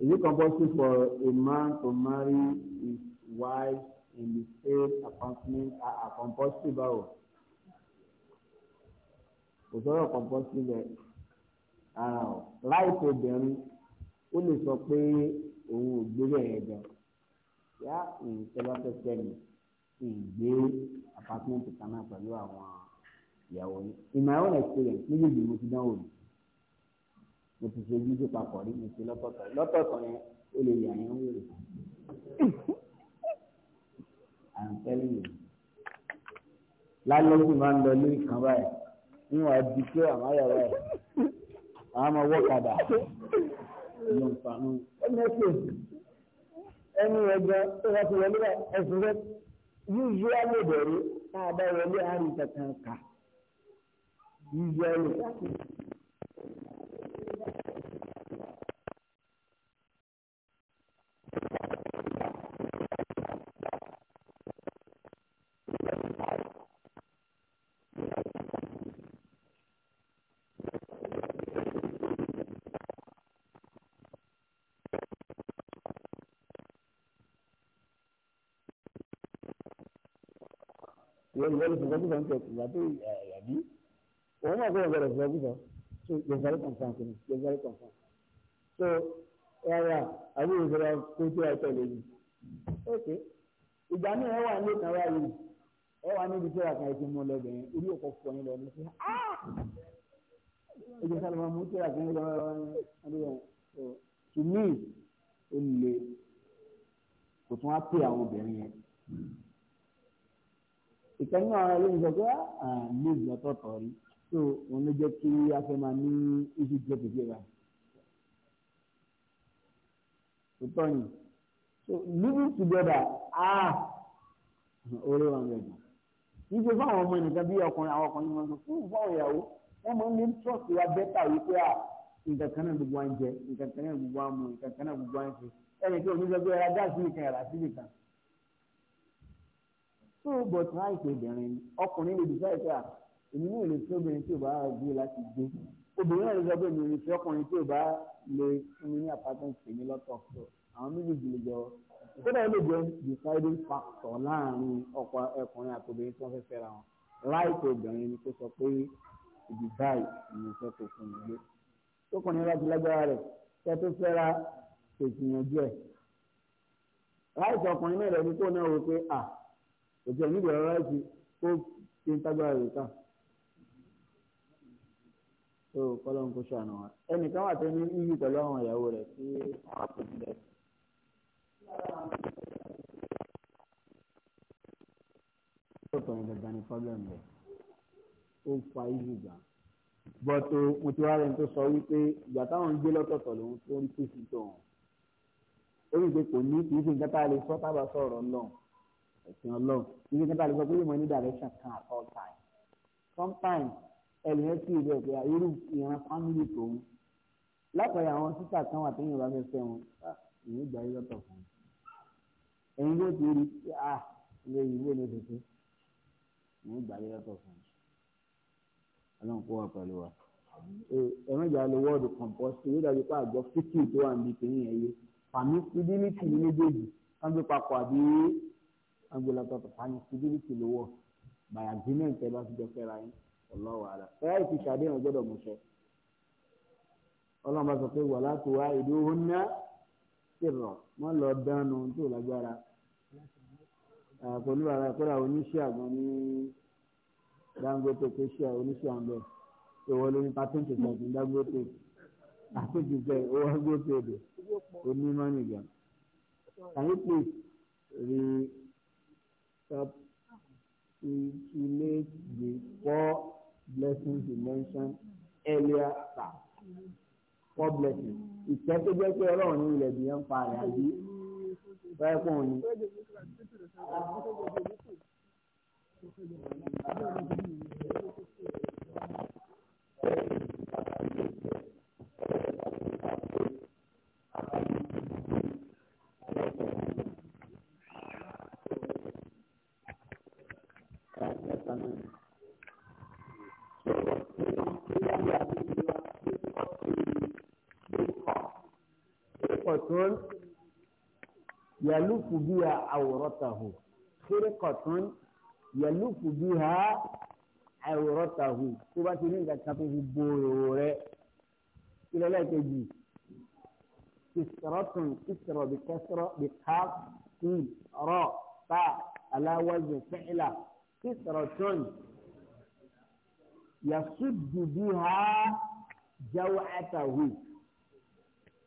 S1: Is it compulsory for a man to marry his wife in the same apartment are compulsory báwo? Kò sọ̀rọ̀ compulsory life Right them? ó lè sọ pé òun ò gbé bẹ́ẹ̀ jọ yá ìṣẹ̀lẹ̀ afẹ́fẹ́ mi ìgbé apátímẹ́ǹtì kan náà pẹ̀lú àwọn ìyàwó yìí in my own experience méjèèjì mo ti dánwò mi mo ti ṣe jíjẹ papọ̀ rí mo ti lọ́tọ̀ọ̀tọ̀ lọ́tọ̀ọ̀tọ̀ yẹn ó lè yà yẹn wúrò (laughs) i'm telling you lálẹ́ tí màá ń lọ ní ìkan báyìí níwọ̀n di pé àwọn àwọn ọmọ wọ́kadà ọlọ́nfààní. ó ní ẹsẹ̀ ẹni ẹgbẹ́ tó bá ti wọlé ẹsẹ̀ rẹ yíyí alóbẹ̀rẹ̀ tá a bá wọlé àárín kankan kà yíyí alóbẹ̀rẹ̀. ìwọ́lù sọ̀kọ́sọ̀ ń tẹ̀ ìgbà tó yàbí òun wà kóyọ̀ bẹ̀rẹ̀ sọ̀kọ́sọ̀ so you're very concerned to me you're very concerned so rárá àbí ìṣẹ̀lẹ̀ kójú àìsàn lè yí ok ìgbà náà ẹ wà ní ìtàn wá yìí ẹ wà níbi tí àkàn ẹtì mú lọ́bẹ̀ẹ́ orí òkò fún yín lọ ní sí ẹ ah! jẹ́ sálọ máa mú tí àkàn ẹtì mú lọ́bẹ̀ẹ́ to me ó lè kò tún á pè àwọn ìkànnì àwọn ará lóyún sọ pé àmì ìgbàtọ̀ tọ̀ rí so òun ló jẹ́ kí afẹ́ máa ní iṣu jẹ́ kìkì rà òtọ́ ni so living together ah orí wọn lè dùn nígbà fáwọn ọmọ nìkan bí ọkùnrin àwọn ọkùnrin wọn sọ fún ìfọwọ́ ìyàwó wọn máa ń ní trust wa bẹ́tà wípé à nǹkan kan náà gbogbo à ń jẹ nǹkan kan náà gbogbo à ń mu nǹkan kan náà gbogbo à ń ṣe ẹnì kí omi sọ pé ẹ tó o bọ̀ tán àìsè obìnrin ọkùnrin lè dùsá ìfẹ́ à èmi náà lè fi obìnrin tí o bá gbé láti gbé obìnrin náà lè sọ pé obìnrin fi ọkùnrin tí o bá lè fún mi ní apartment tèmi lọ́tọ̀ àwọn méjèèjì lè jọ kódà ó lè jẹ deciding factor láàrin ọkọ ẹkùnrin àti obìnrin tí wọ́n fẹ́ fẹ́ra wọn right obìnrin ni kó sọ pé ibi báyìí ni mo fẹ́ kó fún mi gbé tókùnrin bá ti lágbára rẹ̀ kẹ́ tó fẹ́ra kò gbìyànjú ẹ̀ right ọkùnrin náà rẹ̀ òjò níbi ọ̀rọ̀ láti kó kí n tágbára rẹ̀ ká tó kọ́lọ́n kó ṣàánú wa ẹnìkan wà tó ní iyì pẹ̀lú àwọn ìyàwó rẹ̀ tí wọ́n á pè nílẹ̀. ọ̀tọ̀ yẹn gbẹ̀gbẹ̀ ni problem rẹ̀ ó fa iyì gbà bọ́tò mo ti wá rẹ̀ tó sọ wípé ìgbà táwọn ń gbé lọ́tọ̀ọ̀tọ̀ lòun tó ń pèsè tó hàn ó rí i pé kò ní kì í fi nǹkan tá a lè sọ tábà sọ̀rọ̀ náà ẹ̀sìn ọlọ́run ibi kan tá a lè sọ pé yóò mọ ní direction kan at all times sometimes ẹlòmíràn sì rẹ̀ pé irú ìran family tòun lápẹ̀rẹ̀ àwọn sísà kan wà téèyàn bá fẹ́ fẹ́ wọn ìyẹn ìgbà yìí lọ́tọ̀ fún un ẹ̀yin yóò ti rí i à ilé ìwé ló ti tó ìyẹn ìgbà yìí lọ́tọ̀ fún un ọlọ́run kó wà pẹ̀lú wa ẹ̀mẹ́jà lo wọ́ọ̀dù composting yóò dájú pé àgbọ̀ fíkì tó wà níbi kìíní ẹ̀yẹ permissibility ní méjèèjì kájú papọ̀ àbí wọ́n gbé lọ́tọ̀ọ̀tọ̀ sani síbílìtì ló wọ̀ by agreement ẹ bá fi jọ fẹ́ra yín Allahu a'lam fẹ́rẹ́ ìfi ṣàdéhùn gbọ́dọ̀ mú ṣẹ. ọlọ́run bá sọ pé wala tuwa'iduhunna sirran wọ́n lọ dánu tó lágbára àpòlú ara kóra oníṣẹ́ àgbọn ní Dangote kò ṣe oníṣẹ́ àgbọn ìwọ lórí patent ìtọ́jú Dangote àtúntì sẹ owó Dangote onímọ̀ nìgbà can you please relate the four blessings you mentioned earlier sir four blessings ìtẹ́ tó jẹ́ pé ọlọ́run ní ilẹ̀ ìdíyẹn ń pa àbí báyìí kò ní.
S2: Thank you. Fírikọ̀tún
S1: yàlúfù bí ha àwòrọ́tàhù. Fírikọ̀tún yàlúfù bí ha àwòrọ́tàhù. Tó bá ti rí nǹkan kan tó fi bo èrò rẹ̀. Ilé lẹ́ẹ̀kejì. Ìsọ̀rọ̀tún ìsọ̀rọ̀ bí kẹsọ̀rọ̀ bí ká sí fitratun yasuddu biha jawatahu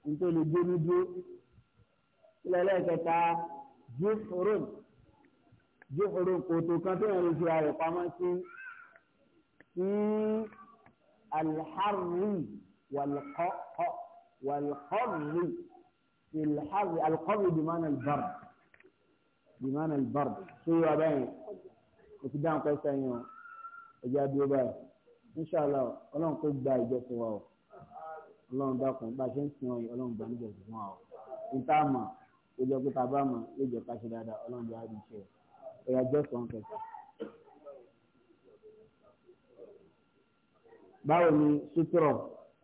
S1: nítorí gbẹmídó lẹ́lẹ́kẹta jufurun jufurun kòtò kan tó yẹn lè fi ààrẹ pamọ́ sí sí alḥarri wàlkọ́ wàlkọ́rì alḥarri alkọ́rì bimánà albar bimánà albar tó yọ abẹ́yẹn kò sí dáhùn pẹ́sẹ́ yẹn o ẹ̀jẹ̀ adúró báyìí inṣàlá ọlọ́run kò gba ìjọsìn wa o ọlọ́run dákun bá a ṣe ń sìn ọyìn ọlọ́run gba níjọsìn fún wa o níta àmà ojú ọkọ tá a bá mọ yóò jẹ ká ṣe dáadáa ọlọ́run bí a rí iṣẹ́ ẹ̀yà jọ́sìn kẹsàn. báwo ni sutura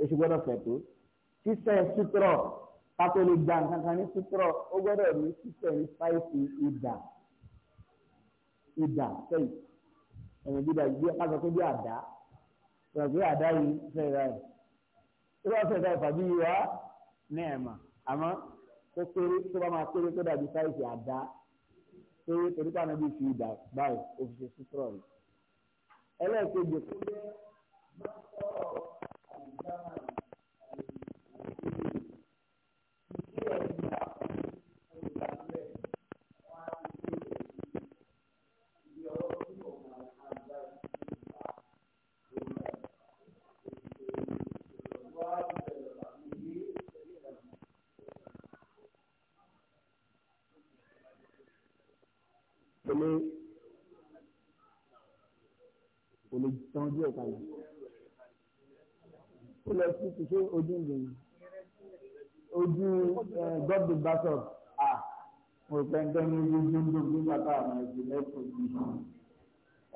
S1: oṣù gbọ́dọ̀ fẹ̀ tó sísẹ sutura pátó lè gba nǹkan kan ní sutura ó gbọ́dọ̀ ní sísẹ ní fáìsì ìdá ìdà sẹ́yìn ẹ̀yìn bí ìdà yìí ká sọ pé bí àdá sọ pé àdá yìí fẹ́ ra ẹ̀ tó bá fẹ́ ra ẹ̀ fàbí wa náà mà àmọ́ tó péré tó bá máa péré tó dàbí sáìsì àdá péré torí pàánù bí fi ìdà báyìí ó fi rẹ̀ ẹlẹ́ẹ̀kejì kó
S2: jẹ́ máa ń sọ̀rọ̀ àìjámà
S1: àwọn díẹ̀ kalẹ̀ ó lọ sí ti ṣe ojú ìgbìmọ̀ ojú gọ́ọ̀dù bàtọ̀ à mo fẹ́ ń tẹ́nu ojú ń dùn nígbà tá àwọn ẹ̀sìn lẹ́sìn yìí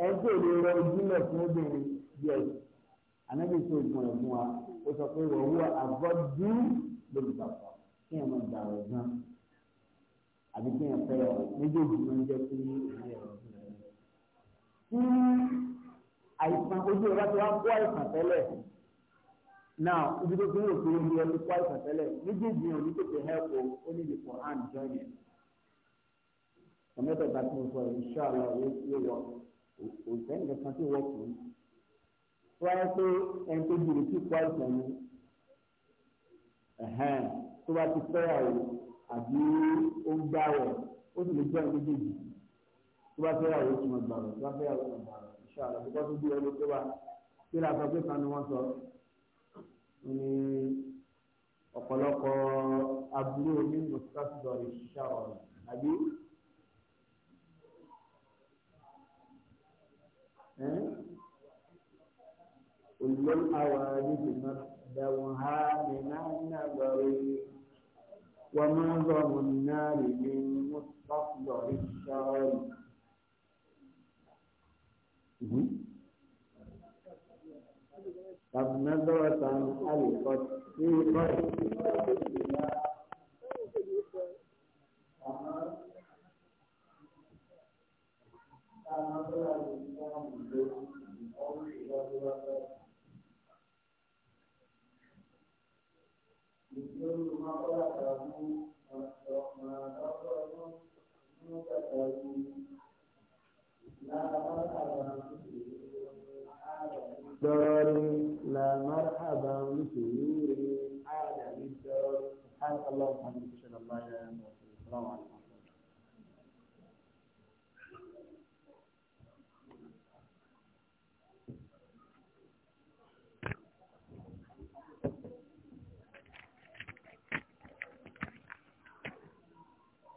S1: ẹ ń pè lè rọ ojúlẹ̀ fún obìnrin díẹ̀ ànábì tó gbọ̀n ẹ̀ fún wa ó sọ pé wọ́n wúwa àgọ́dú lórí bàtọ̀ kí ẹ̀ máa dà rẹ̀ gan àbí kí ẹ̀ fẹ́ méjèèjì ló ń jẹ́ sí ìlú ẹ̀rọ àìsàn ojú ọba tí wọ́n kó àìsàn tẹ́lẹ̀ náà ibi tó fi ń òkú omi ẹni kó àìsàn tẹ́lẹ̀ méjèèjì yẹn ní tètè hẹ́pù ó ní ìdìbò hand join it ọmọdébà tí mo sọ yìí ṣáàlà yóò wọ òṣèlú nìkan tí wọ́n kù tó wáyé pé ẹni tó jìnnì tí kó àìsàn ni tó bá ti fẹ́ àwọ̀ àbí ó ń gbà wọ̀ ó sì lè jẹ́ ẹni méjèèjì tó bá fẹ́ àwọ̀ ó ṣàlọ́ kó tó bí ẹni tó wà kí la sọ pé kan ni wọ́n sọ ní ọ̀pọ̀lọpọ̀ aburú ní mùsùlùmí ṣàwọ̀ àbí. Olùlọ́lù àwọn àdìsí náà dẹ̀wọ̀n ha nínú àgbọ̀rẹ́ wọ́n máa ń rọrùn náà rí ní mùsùlùmí ṣàwọ̀. Nàbẹ́rẹ́ tán á lè kọ́ sí ikọ́ ẹ̀. Thank you. الدار لا مرحبا بسرور عالم الدار سبحانك اللهم وبحمدك اشهد ان لا اله الا انت السلام عليكم